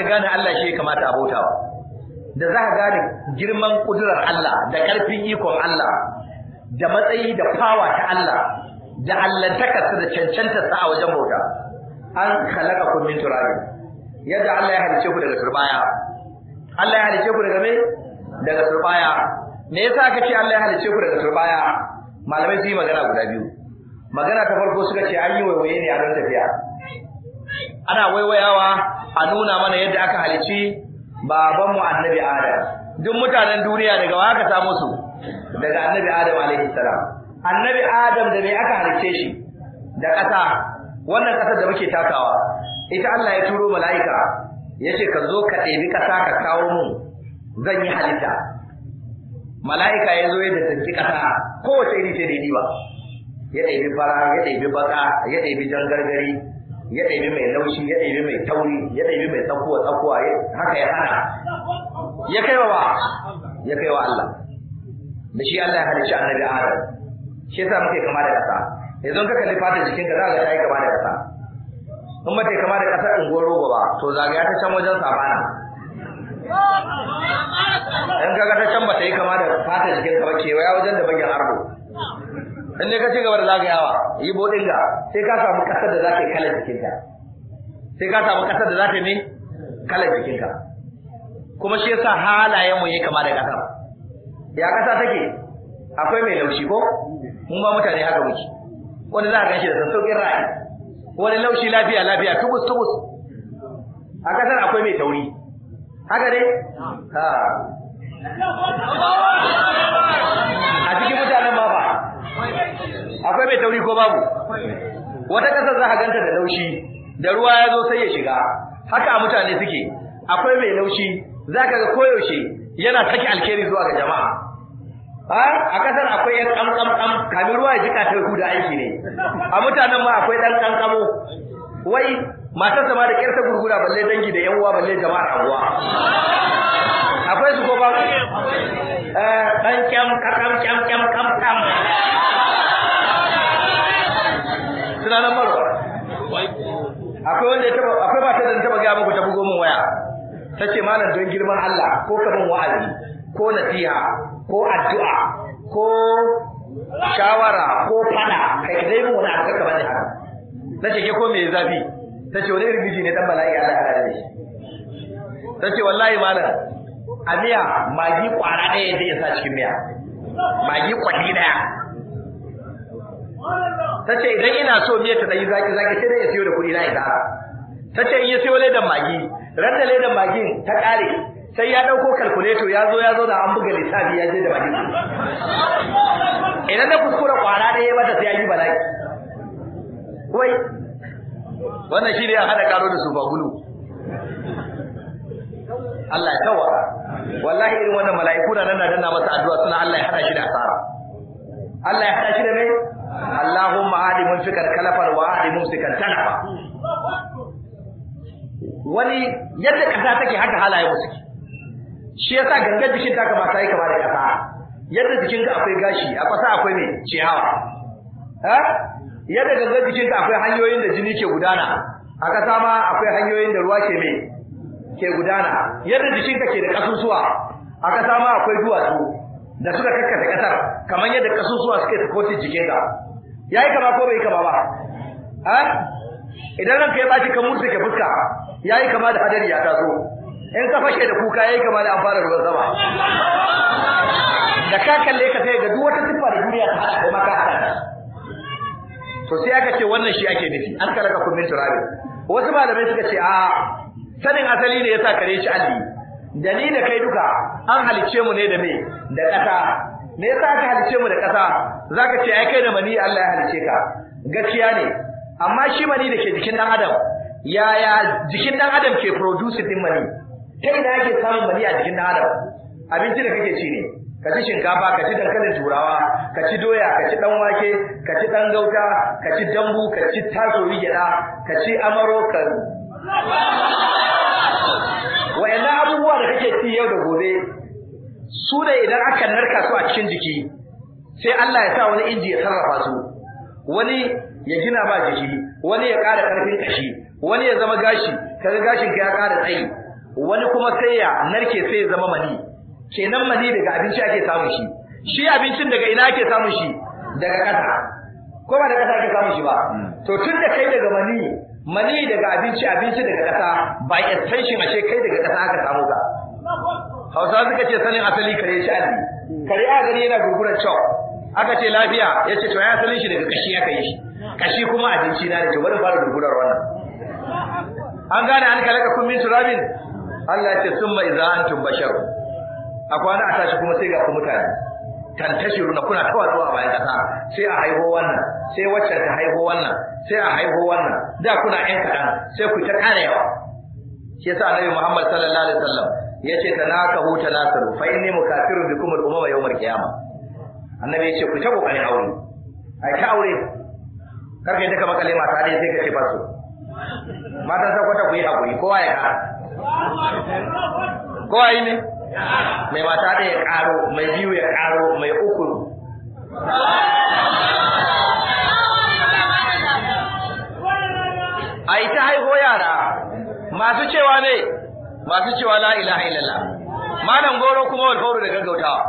ka gane Allah shi ya kamata a bautawa da za ka gane girman kudurar Allah da karfin ikon Allah da matsayi da fawa ta Allah da allantakarsa da cancantarsa a wajen bauta an khalaqa kun min yadda Allah ya halice ku daga turbaya Allah ya halice ku daga me daga turbaya me yasa aka ce Allah ya halice ku daga turbaya malamai su yi magana guda biyu magana ta farko suka ce an yi waiwaye ne a don tafiya ana waiwayawa a nuna mana yadda aka halici babanmu annabi adam duk mutanen duniya daga wa aka samu su daga annabi adam alaihi salam annabi adam da me aka halice shi da kasa wannan ƙasar da muke takawa ita Allah ya turo mala'ika yace ka zo ka ɗebi ƙasa ka kawo mu zan yi halitta mala'ika ya zo ya dandanci ƙasa kowace iri ce da ba ya ɗebi fara ya ɗebi baka ya ɗebi jan gargari ya ɗaibi mai laushi ya ɗaibi mai tauri ya ɗaibi mai tsakuwa tsakuwa haka ya hana ya kai wa ya kai wa Allah da shi Allah ya halicci annabi Adam shi yasa muke kama da ƙasa yanzu ka kalli fatar jikinka za ka ta yi kama da ƙasa in ba ta kama da ƙasar in goro ba to zagaya ta can wajen sabana in ga ta can ba ta yi kama da fatar jikinka ba kewaya wajen da bagin arbo in ka ci gaba da zagayawa yi bodin ga sai ka samu kasar da za ta yi kalar jikinka sai ka samu kasar da za ta yi ne kalar jikinka kuma shi yasa halayen mu yayi kama da kasa ya kasa take akwai mai laushi ko mun ba mutane haka muke wani za ka ganshi da sassauƙin ra'ayi wani laushi lafiya lafiya tubus tubus a kasar akwai mai tauri haka dai ha a cikin mutanen akwai mai tauri ko babu wata kasar za ka ganta da laushi da ruwa ya zo sai ya shiga haka mutane suke akwai mai laushi za ka ga koyaushe yana saki alkhairi zuwa ga jama'a a kasar akwai yan kamkamkam kamin ruwa ya jika ta da aiki ne a mutanen ma akwai dan kankamo wai masu sama da kyarta gurgura balle dangi da yan uwa balle jama'ar anguwa akwai su ko ba eh dan kyam kakam kyam kyam kam kam sunanan maro akwai wanda ya taba akwai ba ta da taba ga muku ta bugo min waya tace malam don girman Allah ko kaman wa'azi ko nasiha ko addu'a ko shawara ko fada kai dai mun wani aka bane haka nace ke ko me zafi tace wani rigiji ne dan bala'i Allah ya kare shi tace wallahi malam a miya magi kwara ɗaya da ya sa cikin miya magi kwadi ɗaya tace idan ina so miya ta dai zaki zaki sai dai ya siyo da kuɗi na ita tace in ya siyo ledan magi ran da ledan magin ta kare sai ya dauko calculator ya zo ya zo da an buga lissafi ya je da magin idan na kuskura kwara da ya mata sai ya yi bala'i wai wannan shi ne ya hada karo da su ba gulu Allah ya tawara wallahi irin wannan mala'iku na nan na danna masa addu'a suna Allah ya hada shi da asara Allah ya hada shi da mai Allahumma mun fikar kalafar wa mun fikar talafa wani yadda kasa take haka halaye mu suke shi yasa gangar jikin ta kamata yi kama da kasa yadda jikinka akwai gashi a kasa akwai mai ciyawa ha yadda gangar jikinka akwai hanyoyin da jini ke gudana a kasa ma akwai hanyoyin da ruwa ke mai ke gudana yadda jikinka ke da kasusuwa a kasa ma akwai duwatsu da suka kakkata kasar kamar yadda kasusuwa suke takoti jike ta yi kama ko bai kama ba ha idan ranka ya baci ka ke fuska ya yi kama da hadari ya taso in ka fashe da kuka ya yi kama da an ruwan sama da ka kalle ka sai ga duk wata siffa da duniya ta hada kuma maka hada to sai aka ce wannan shi ake nufi an kalaka kun min turabi wasu malamai suka ce a sanin asali ne ya sa kare shi alli da ni da kai duka an halice mu ne da me da ƙasa me yasa ka halice mu da ƙasa zaka ce ai kai da mani Allah ya halice ka gaskiya ne amma shi mani da ke jikin dan adam ya ya jikin dan adam ke produce din mani Kai da ake samun mani a jikin dan adam abinci da kake ci ne ka ci shinkafa ka ci dankalin turawa ka ci doya ka ci dan wake ka ci dan gauta ka ci dambu ka ci tasowi gyada ka ci amaro ka wayannan da kake ci yau da gobe su da idan aka narka su a cikin jiki sai Allah ya sa wani inji ya sarrafa su wani ya gina ba jiki wani ya ƙara ƙarfin kashi wani ya zama gashi kaga gashin ka ya ƙara tsayi wani kuma sai ya narke sai ya zama mani kenan mani daga abinci ake samun shi shi abincin daga ina ake samun shi daga ƙasa ko ba da ƙasa ake samun shi ba to tun da kai daga mani mani daga abinci abinci daga ƙasa by extension ashe kai daga ƙasa aka samu ka Hausa suka ce sanin asali kare shi ali. Kare a gari yana gurgurar cewa aka ce lafiya ya ce to ya sanin shi daga kashi aka yi shi. Kashi kuma abinci na da ke wani fara gurgurar wannan. An gane an kalaka kun min turabin Allah ya ce summa idza antum bashar. A kwana a tashi kuma sai ga ku mutane. tantashiru na kuna kawai zuwa bayan kasa sai a haihu wannan sai wacce ta haihu wannan sai a haihu wannan da kuna ƴan kaɗan sai ku ta ƙara yawa shi yasa annabi Muhammad sallallahu alaihi wasallam yace tanakahu tanasaru fa inni mukafirun bikum al-umama yawm al-qiyama annabi yace ku ta kokarin aure ai ta aure karka yadda ka makale mata dai sai ka ce fasu matan sakwata ku yi hakuri kowa ya kara kowa yi ne mai mata da ya karo mai biyu ya karo mai uku ai ta haihu yara masu cewa ne masu cewa la ilaha illallah malam goro kuma wal fauru da gaggautawa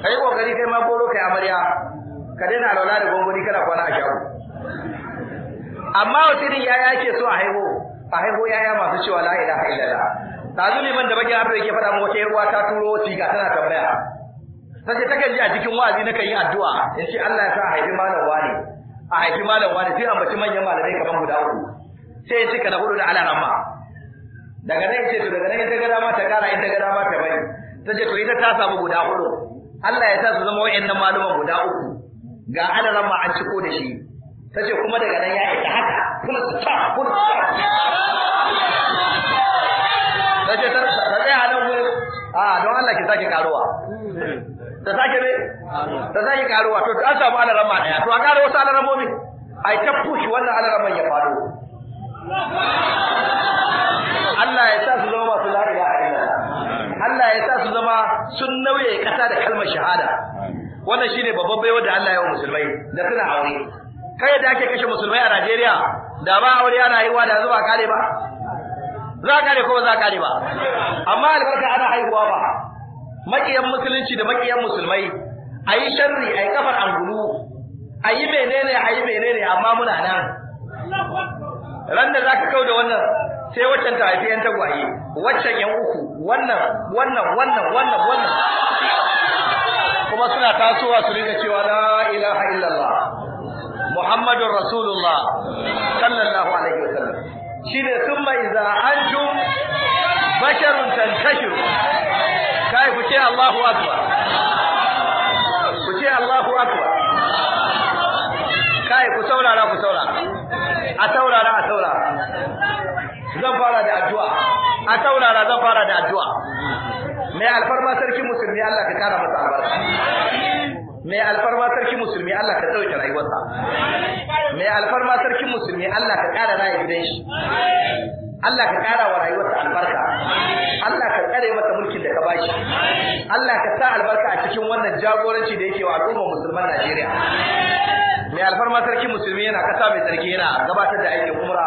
kai kokari kai ma goro kai amarya ka daina alwala da gongoni kana kwana a shago amma wasirin yaya ke so a haihu a haihu yaya masu cewa la ilaha illallah tazu liman da baki abin yake faɗa mu wata ruwa ta turo tiga tana tambaya ta ce ji a cikin wa'azi na kan yi addu'a in ce Allah ya sa a haifi malam wani a haifi malam wani sai ambaci manyan malamai kamar guda uku sai ya ci da hudu da alaramma daga nan ce to daga nan ita gada ma ta kara ita gada ma ta bari ta ce to ita ta samu guda hudu Allah ya sa su zama wayannan maluman guda uku ga adaran ma an ciko da shi ta ce kuma daga nan ya ita haka kuma su ta kuma su ta ta ce ta tsaya a nan gurin a don Allah ki sake karuwa ta sake ne ta sake karuwa to an samu adaran ma daya to a kara wasu adaran momin ai ta push wannan adaran ya faɗo Allah ya sa su zama masu la a ina. Allah ya sa su zama sun nauye kasa da kalmar shahada wannan shine babban baiwa da Allah ya wa musulmai da suna aure kai yadda ake kashe musulmai a Najeriya da ba aure ana haihuwa da zuba kare ba za kare ko ba za kare ba amma albarka ana haihuwa ba makiyan musulunci da makiyan musulmai ayi sharri ayi kafar angulu ayi menene ayi menene amma muna nan ran da zaka kau da wannan sai waccan ta haifi yan tagwaye waccan yan uku wannan wannan wannan wannan wannan kuma suna tasowa su rika cewa la ilaha illallah muhammadur rasulullah sallallahu alaihi wasallam shine thumma idza antum basharun tantashiru kai ku ce Allahu akbar ku ce Allahu akbar kai ku saurara ku saurara a saurara a saurara zan fara da addu'a a taurara zan fara da addu'a mai alfarma sarki musulmi Allah ka kara masa albarka mai alfarma sarki musulmi Allah ka tsawaita rayuwarsa mai alfarma sarki musulmi Allah ka kara raye gidan shi Allah ka kara wa rayuwarsa albarka Allah ka tsare masa mulkin da ka bashi Allah ka sa albarka a cikin wannan jagoranci da yake wa al'ummar musulman Najeriya mai alfarma sarki musulmi yana kasa mai tsarki yana gabatar da aikin umra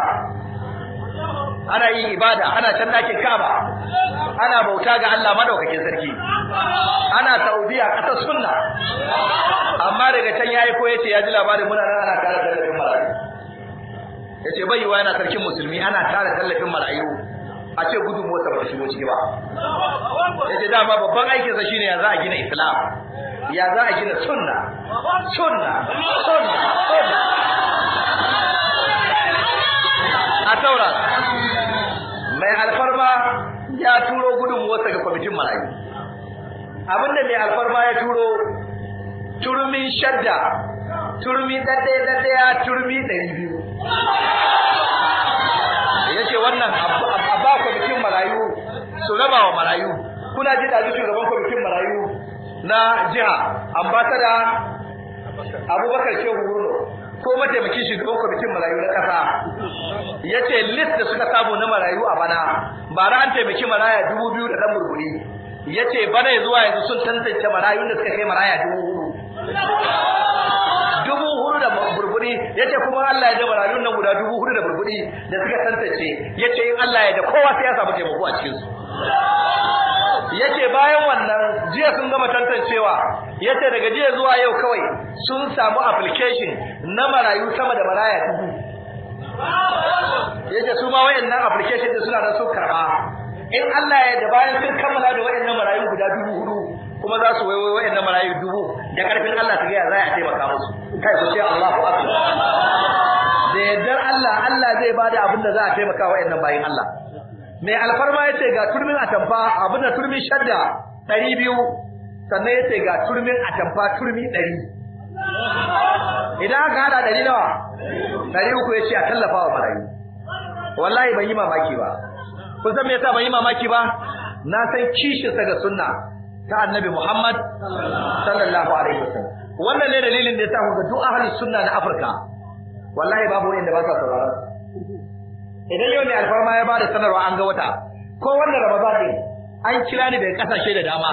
ana yin ibada ana can dakin kaba, ana bauta ga Allah madaukakin sarki ana Saudiya kasar sunna amma daga can yayi ko yace ya ji labarin muna nan ana da tallafin marayu yace bai wa yana sarkin musulmi ana da tallafin marayu a ce gudunmuwar ta bata shigo ciki ba yace dama babban aikinsa shine ya za a gina Islam ya za a gina sunna sunna sunna sunna a taurara mai alfarma ya turo gudunmuwarsa ga kwamitin marayu abinda mai alfarma ya turo turmin shadda turmi daddaya-daddaya turmi ɗari biyu ya ce wannan a ba kwamitin marayu su raba wa marayu kuna ji da shugaban kwamitin marayu na jiha ambasada abubakar shehu wuro. ko mataimakin shugaban kwamitin marayu na kasa ya ce list da suka samu na marayu a bana bara an taimaki maraya dubu biyu da ɗan murmuri ya ce bana zuwa yanzu sun tantance marayu da suka kai maraya dubu dubu huɗu da burburi ya ce kuma Allah ya ji marayun nan guda dubu huɗu da burburi da suka tantance ya ce in Allah ya da kowa sai ya samu taimako a cikinsu ya ce bayan wannan jiya sun gama tantancewa ya ce daga jiya zuwa yau kawai sun samu application na marayu sama da maraya dubu yake su ma nan application da suna da su karba in Allah ya da bayan sun kammala da nan marayu guda dubu hudu kuma za su waiwai nan marayu dubu da karfin Allah ta ga za a taimaka musu kai su ce Allahu akbar da yardar Allah Allah zai bada abin da za a taimaka nan bayin Allah mai alfarma yace ga turmin atamfa abin da turmin shadda 200 sannan yace ga turmin atamfa turmi 100 idan aka hada dari nawa dari uku ya ce a tallafa wa marayu wallahi ban yi mamaki ba kun san me yasa ban yi mamaki ba na san kishinsa ga sunna ta annabi Muhammad sallallahu alaihi wasallam wannan ne dalilin da yasa kuka duk ahlus sunna na Afirka wallahi babu da ba sa sauraron idan yau ne alfarma ya bada sanarwa an ga wata ko wannan Ramadan din an kira ni daga kasashe da dama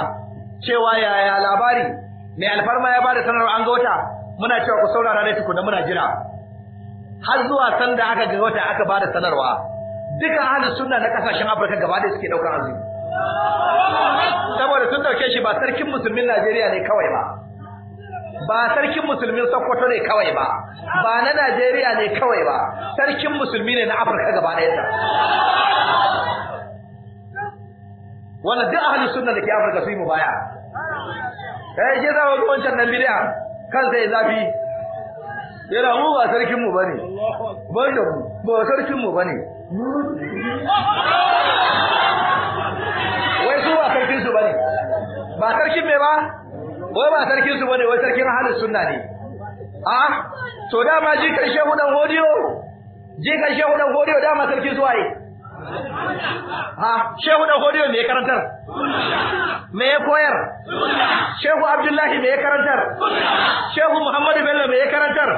cewa yaya labari mai alfarma ya bada sanarwa an ga wata muna cewa ku saurara dai tukunna muna jira har zuwa sanda aka ga wata aka bada sanarwa duka ahli sunna na kasashen Afirka gaba da suke daukar azumi saboda sun dauke shi ba sarkin musulmin Najeriya ne kawai ba ba sarkin musulmin Sokoto ne kawai ba ba na Najeriya ne kawai ba sarkin musulmi ne na Afirka gaba da yadda wannan duk ahli sunna da ke Afirka su yi mu baya kai eh, ke za ku wancan nan bid'a kan sai zafi yana mu ba sarkin mu bane ba da mu ba sarkin mu bane wai su ba sarkin su bane ba sarkin me ba wai ba sarkin su bane wai sarkin halin sunna ne a to dama jikan shehu dan hodiyo jikan shehu dan hodiyo dama sarkin su waye ha shehu dan hodiyo me ya karantar me ya koyar shehu abdullahi me ya karantar shehu muhammadu bello me ya karantar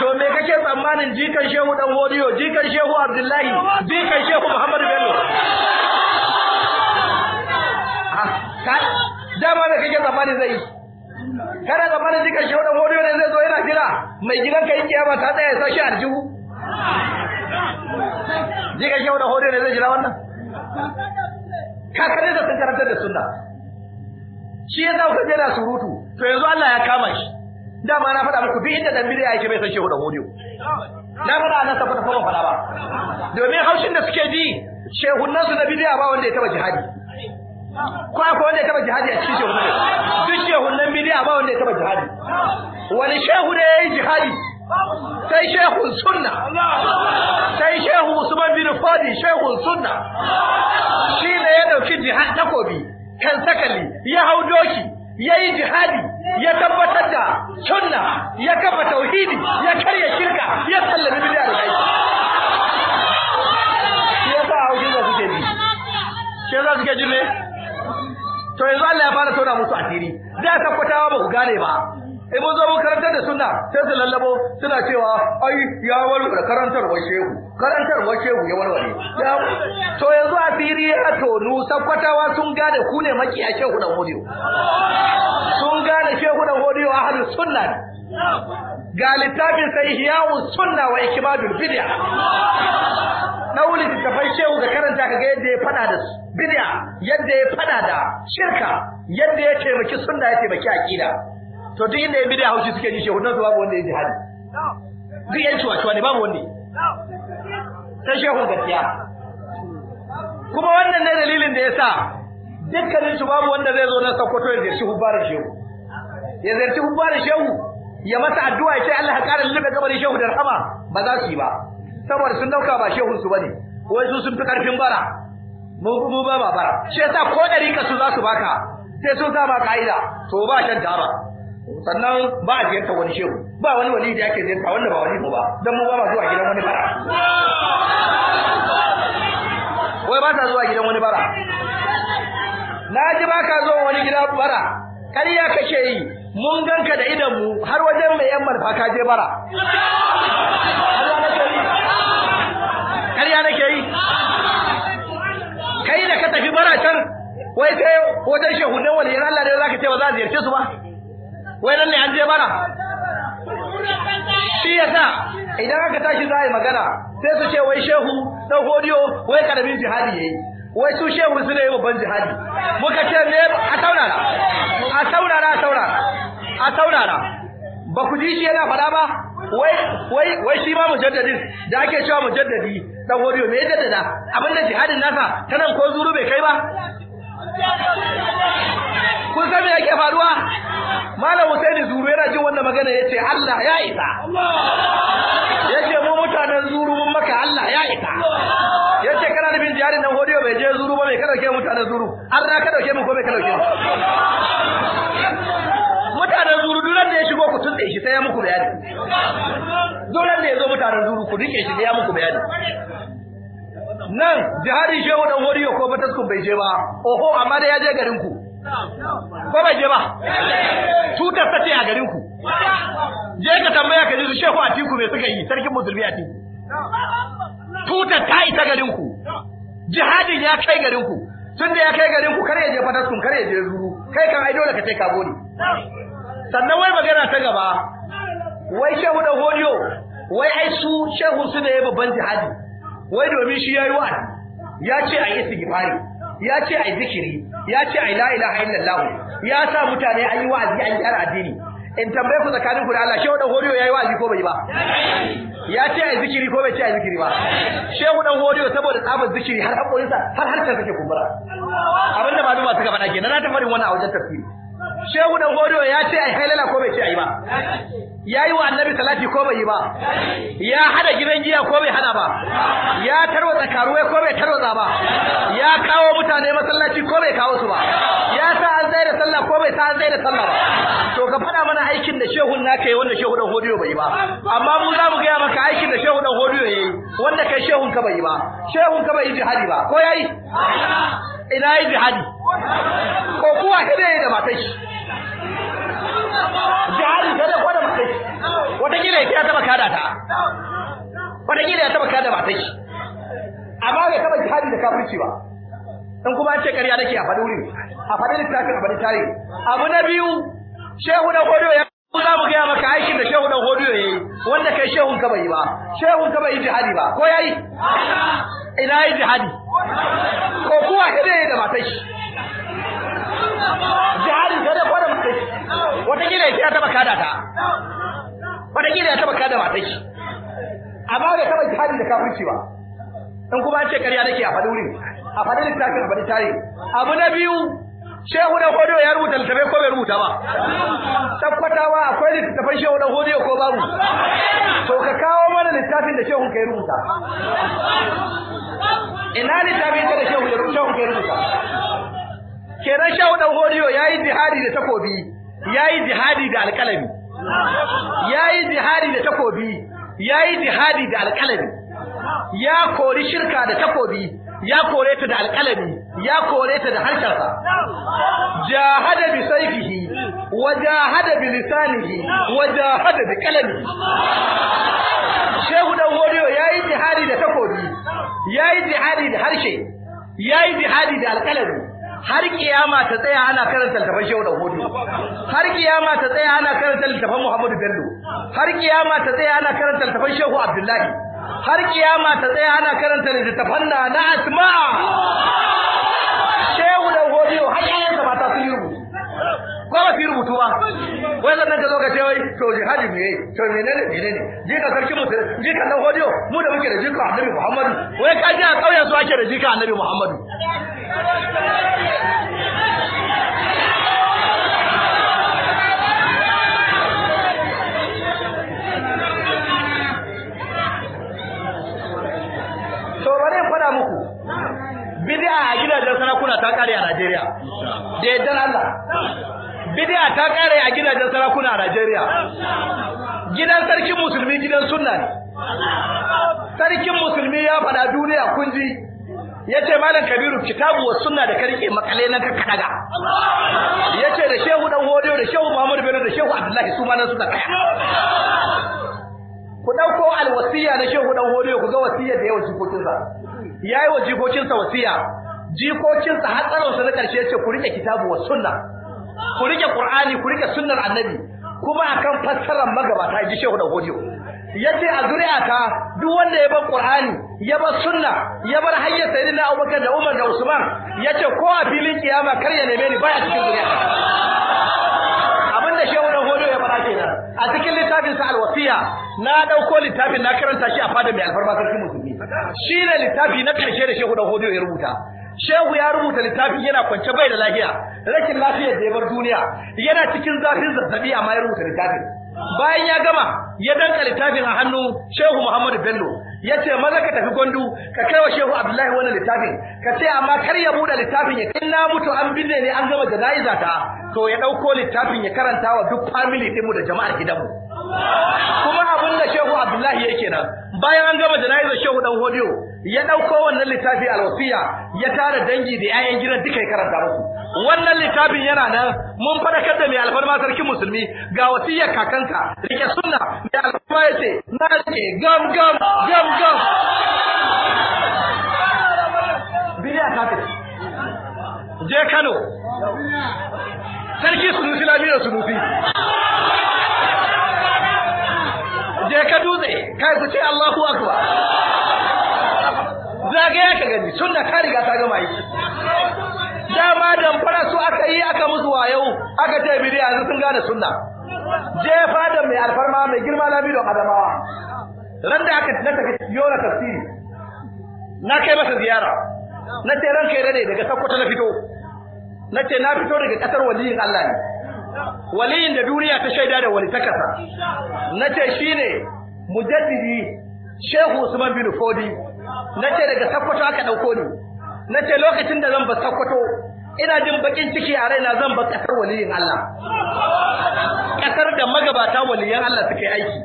to me kake tsammanin jikan shehu dan hodiyo jikan shehu abdullahi jikan shehu muhammadu bello dama da kake tsammanin zai yi kana tsammanin jikan shehu dan hodiyo ne zai zo yana jira mai ka yin kiyama ta tsaya ya sa shi aljihu je ka shi da hore ne zai jira wannan ka kare da karantar da sunna shi ya zauka jira surutu to yanzu Allah ya kama shi dama na faɗa muku duk inda dan bid'a yake bai san shehu da hore na faɗa nan fara fara faɗa ba domin haushin da suke ji shehun su na bid'a ba wanda ya taba jihadi ko akwai wanda ya taba jihadi a cikin shehunan duk nan bid'a ba wanda ya taba jihadi wani shehu da yayi jihadi sai shehun sunna sai shehu usman bin fadi shehun sunna shi ne ya dauki jihad takobi kan sakali ya hau doki ya yi jihadi ya tabbatar da sunna ya kafa tauhidi ya karya shirka ya sallami bid'a da aiki shi ya sa haushi da suke bi shi za su suke ne to yanzu Allah ya fara tona musu asiri za ta kwatawa ba ku gane ba in eh, mun zo mun karantar da suna, sai su lallabo suna cewa ai ya warware wa shehu wa shehu ya warware to yanzu a fili a tonu sakkwatawa sun gane ku ne maki a shehu dan hodiyo sun gane shehu dan hodiyo a halin suna ga littafin sai hiyawu sunna wa ikmadul na wuli tafai shehu ga karanta kaga yadda ya fada da bid'a yadda ya fada da shirka yadda ya taimaki sunna ya taimaki aqida to duk inda ya bi da haushi suke ji nan su babu wanda ya ji hadi duk yan cuwa-cuwa ne babu wanda ta shehu gaskiya kuma wannan ne dalilin da ya sa dukkanin su babu wanda zai zo na Sokoto ya ziyarci hubbarin shehu ya ziyarci hubbarin shehu ya masa addu'a ya ce Allah ya kara lulluɓe gabar shehu da rahama ba za su yi ba saboda sun dauka ba shehu su bane wai su sun fi ƙarfin bara mun ba ba bara shi yasa ko ka su za su baka sai sun sa ma ka'ida to ba shan tara sannan ba a ziyarta wani shehu ba wani wali da ake ziyarta wanda ba wali ba dan mu ba ma zuwa gidan wani bara wai ba ta zuwa gidan wani bara na ji ba ka zo wani gidan bara ƙarya kake yi mun ganka da idan mu har wajen mai yan marfa ka je bara ƙarya nake yi kai da ka tafi bara can wai sai wajen shehu dan wali Allah za zaka ce ba za a ziyarce su ba wai nan ne an je bara shi yasa idan aka tashi za a yi magana sai su ce wai shehu dan hodiyo wai karamin jihadi yayi wai su shehu su ne babban jihadi muka ce me a saurara a saurara a saurara a saurara ba ku ji shi yana faɗa ba wai wai wai shi ma mujaddadin da ake cewa mujaddadi dan hodiyo me jaddada abinda jihadin nasa tanan ko zuru bai kai ba kun san me yake faruwa malam Husaini Zuru yana jin wannan magana yace Allah ya isa yace mu mutanen Zuru mun maka Allah ya isa yace kana da bin jari nan hodiyo bai je Zuru ba bai kada ke mutanen Zuru an ra ka dauke mu ko bai ka dauke mutanen Zuru duran da ya shigo ku tunde shi sai ya muku bayani duran da ya zo mutanen Zuru ku rike shi sai ya muku bayani nan jihadin shehu dan wariyo ko bataskun bai je ba oho amma da ya je garin ku ko bai je ba tutar ta ce a garin ku je ka tambaya ka ji su shehu atiku me suka yi sarkin musulmi atiku tutar ta isa garin ku jihadin ya kai garin ku tun da ya kai garin ku kare ya je fataskun kare ya je zuru kai kan ai dole ka ce ka sannan wai magana ta gaba wai shehu dan wariyo wai ai su shehu su ne babban jihadi wai domin shi yayi wa'azi ya ce ayi istighfari ya ce ayi zikiri ya ce ayi la ilaha illallah ya sa mutane ayi wa'azi an gyara addini in tambaye ku tsakanin ku da Allah shehu dan horiyo yayi wa'azi ko bai ba ya ce ayi zikiri ko bai ce ayi zikiri ba shehu dan horiyo saboda tsabar zikiri har hakorinsa har harkar take kumbura abinda maluma suka faɗa kenan na ta farin wannan a wajen tafsiri shehu dan horiyo ya ce ayi halala ko bai ce ayi ba ya yi wa annabi salati ko bai yi ba ya hada gidan giya ko bai hada ba ya tarwatsa karuwai ko bai tarwatsa ba ya kawo mutane masallaci ko bai kawo su ba ya sa an zai da sallah ko bai sa an zai da sallah ba to ka fada mana aikin da shehun naka yi wanda shehu dan hodiyo bai yi ba amma mu za mu gaya maka aikin da shehu dan hodiyo ya yi wanda kai shehun ka bai yi ba shehun ka bai yi jihadi ba ko ya yi ina yi jihadi ko kuwa ka yi da matashi jihadi sai da gwada mutai watakila ya taba kada ta gina ya taba kada ba take amma bai taba jihadi da kafirci ba dan kuma an ce ƙarya nake a faɗi a faɗi littafin a faɗi tare. abu na biyu shehu na godo ya Ku za mu gaya maka aikin da shehu dan hodiyo yayi wanda kai shehun ka bai ba shehun ka bai jihadi ba ko yayi ina yi jihadi ko kuwa ya da matai jihadin sai dai kwarin mutaci watakila ya taba kada ta Wata gida ya taba kada A ba bai taba jihadin da kafirci ba in kuma an ce karya nake a faɗi wurin a faɗi littafin a faɗi tare abu na biyu shehu na hodo ya rubuta littafai ko bai rubuta ba tabbatawa akwai littafai shehu na hodo ko babu to ka kawo mana littafin da shehu kai rubuta ina littafin da shehu ya shehu kai rubuta kenan shehu dan hodiyo yayi jihadi da takobi yayi jihadi da alƙalami yayi jihadi da takobi yayi jihadi da alƙalami ya kori shirka da takobi ya kore ta da alƙalami ya kore ta da harshensa jahada bi sayfihi wa jahada bi lisanihi wa jahada bi kalami shehu dan hodiyo yayi jihadi da takobi yayi jihadi da harshe yayi jihadi da alƙalami har kiyama ta tsaya ana karanta littafin Shehu da Hudu har kiyama ta tsaya ana karanta littafin Muhammadu Bello har kiyama ta tsaya ana karanta littafin Shehu Abdullahi har kiyama ta tsaya ana karanta littafin na Asma'a Shehu da Hudu har ayyuka mata sun yi rubutu ko ba fi rubutu ba wai zan ka zo ka ce wai to jihadi me yayi to menene menene je ka sarki mu je ka dan hodiyo mu da muke da jika annabi Muhammadu wai ka ji a kauyen su ake da jika annabi Muhammadu to bid'a a gidajen sarakuna ta kare a Najeriya da yadda Allah bidiya ta kare a gidajen sarakuna a Najeriya gidan sarkin musulmi gidan sunna ne sarkin musulmi ya faɗa duniya kun ji ce malam kabiru kitabu wa sunna da karke makale na ka Ya ce da shehu dan hodo da shehu muhammadu bello da shehu abdullahi su ma nan suka tsaya ku dauko alwasiya na shehu dan hodo ku ga wasiyar da yawa jikokinsa yayi wa jikokinsa wasiya jikokinsa har tsaron su na karshe ce ku rike kitabu wa sunna ku rike qur'ani ku rike sunnar annabi kuma akan fassarar magabata ji shehu da godiyo yace a ta duk wanda ya bar qur'ani ya bar sunna ya bar hayyar sayyidina abubakar da umar da usman yace ko a filin kiyama kar ya neme ni baya cikin zuri'ata abinda shehu da godiyo ya fara kenan a cikin littafin sa alwasiya na dauko littafin na karanta shi a fadar mai alfarma sarki musulmi shine littafi na karshe da shehu da godiyo ya rubuta shehu ya rubuta littafin yana kwance bai da lafiya rashin lafiyar da ya bar duniya yana cikin zafin zazzabi amma ya rubuta littafin bayan ya gama ya danka littafin a hannu shehu muhammadu bello ya ce maza ka tafi gondu ka kai wa shehu abdullahi wannan littafin ka ce amma kar ya buɗe littafin ya kai na mutu an binne ne an gama jana'iza ta to ya ɗauko littafin ya karanta wa duk famili ɗinmu da jama'ar gidanmu kuma abinda shehu abdullahi yake nan bayan an gama jana'izar shehu dan hodiyo ya dauko wannan littafi alwasiya ya tara dangi da yayan gidan duka ya karanta musu wannan littafin yana nan mun fadakar da mai alfarma sarkin musulmi ga wasiyar kakanka rike sunna mai alfarma yace na ce gam gam gam gam bidiya ta je Kano sarki sunusi lamira sunusi je ka dutse kai ku ce Allahu akbar ya ka gani sunna ka riga ta gama aiki dama damfara su aka yi aka musu yau, aka ce bidiya yanzu sun gane sunna jefa da mai alfarma mai girma na bidon adamawa ran da aka na tafi na tafsiri na kai masa ziyara na ce ran kai rane daga sakkwata na fito na ce na fito daga kasar waliyin Allah ne waliyin da duniya ta shaida da wani ta kasa na ce shine mujaddidi shehu usman bin fodi na ce daga sakkwato aka ɗauko ni na ce lokacin da zan ba sakkwato ina jin bakin ciki a raina zan ba ƙasar waliyin Allah ƙasar da magabata waliyan Allah suka yi aiki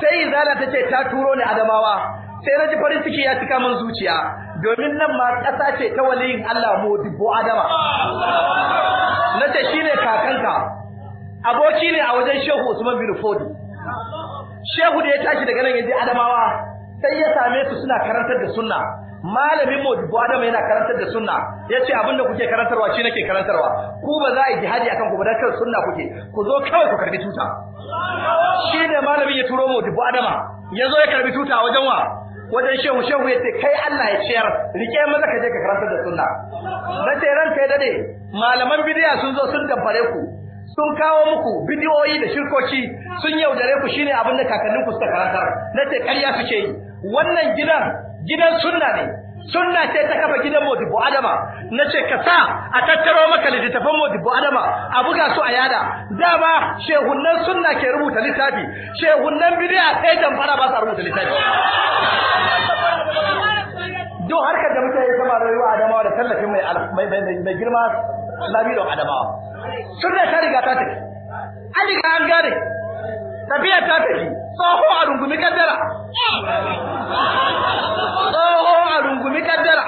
sai izala ta ce ta turo ni adamawa sai na ji farin ciki ya cika min zuciya domin nan ma ƙasa ce ta waliyin Allah Modibo Adama na ce ne kakanka aboki ne a wajen Shehu Usman bin Shehu da ya tashi daga nan yanzu Adamawa sai ya same su suna karantar da sunna malamin Modibo Adam yana karantar da sunna yace da kuke karantarwa shi nake karantarwa ku ba za a yi jihadi akan ku ba dan sunna kuke ku zo kawai ku karbi tuta shi ne malamin ya turo Modibo Adam ya zo ya karbi tuta a wajen wa wajen shehu shehu yace kai Allah ya ciyar rike maza ka je ka karantar da sunna nace ran kai dade malaman bidiya sun zo sun dabbare ku sun kawo muku bidiyoyi da shirkoci sun yaudare ku shine abin da kakannin ku suka karantar ce ƙarya suke yi wannan gidan gidan sunna ne sunna ce ta kafa gidan Modibo Adama ce ka sa a tattaro maka littafin Modibo Adama a buga su a yada dama shehunan sunna ke rubuta littafi shehunnan bid'a sai damfara ba su rubuta littafi don harkar da muke yi sama rayuwa Adamawa da tallafin mai mai girma lami adamawa sunna ta riga ta tafi an riga an gane tafiya ta tafi tsoho a rungumi kaddara tsoho a rungumi kaddara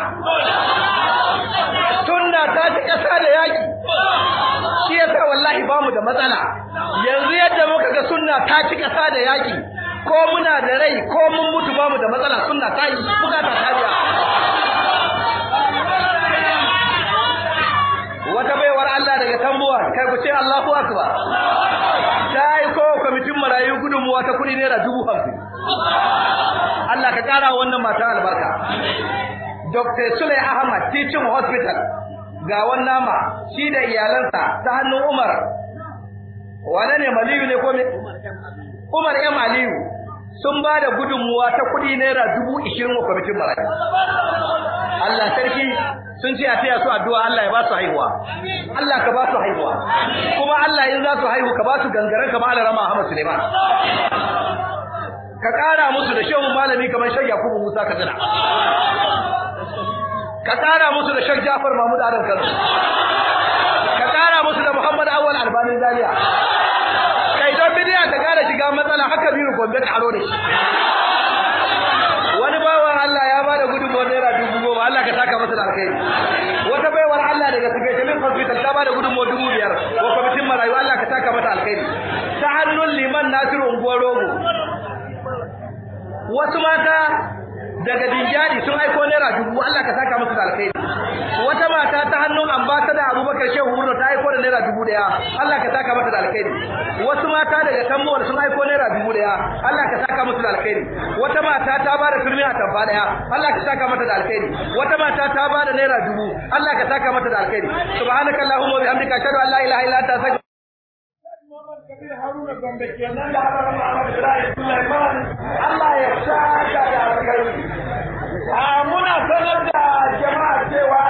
sunna ta ci kasa da yaki shi yasa wallahi bamu da matsala yanzu yadda muka ga sunna ta ci kasa da yaki ko muna da rai ko mun mutu bamu da matsala sunna ta yi bukata ta biya gudunmuwa kai ku ce Allahu akbar ta aiko kwamitin marayu gudunmuwa ta kudi naira dubu hamsin Allah ka kara wannan mata albarka Dr. Sule Ahmad Teaching Hospital ga wannan ma shi da iyalansa ta hannun Umar wane ne Maliyu ne ko Umar M Aliyu sun ba da gudunmuwa ta kudi naira dubu ishirin wa kwamitin marayu Allah sarki sun ce a taya su addu'a Allah ya ba su haihuwa Allah ka ba su haihuwa kuma Allah in za su haihu ka ba su gangaren kamar Rama Ahmad Suleiman ka ƙara musu da shehu malami kamar shayya kuma Musa Katsina ka ƙara musu da Sheikh Jafar Mahmud Adam Kano ka ƙara musu da Muhammad Awal Albani Zaria kai don bidiya ta ƙara shiga matsala haka biyu gombe taro da shi maka alkhairi ta hannun liman nasiru unguwar rogo wasu mata daga dinjari sun aiko naira dubu Allah ka saka musu da alkhairi wata mata ta hannun da Abubakar Shehu Murna ta aiko da naira dubu daya Allah ka saka mata da alkhairi wasu mata daga Tambuwar sun aiko naira dubu daya Allah ka saka musu da alkhairi wata mata ta ba da firmi a tamfa daya Allah ka saka mata da alkhairi wata mata ta ba da naira dubu Allah ka saka mata da alkhairi subhanakallahumma wa bihamdika ashhadu an la ilaha illa anta astaghfiruka haruna gombe kenan da haɗa rama Sulaiman Allah ya saka da alkhairi a muna sanar da jama'a cewa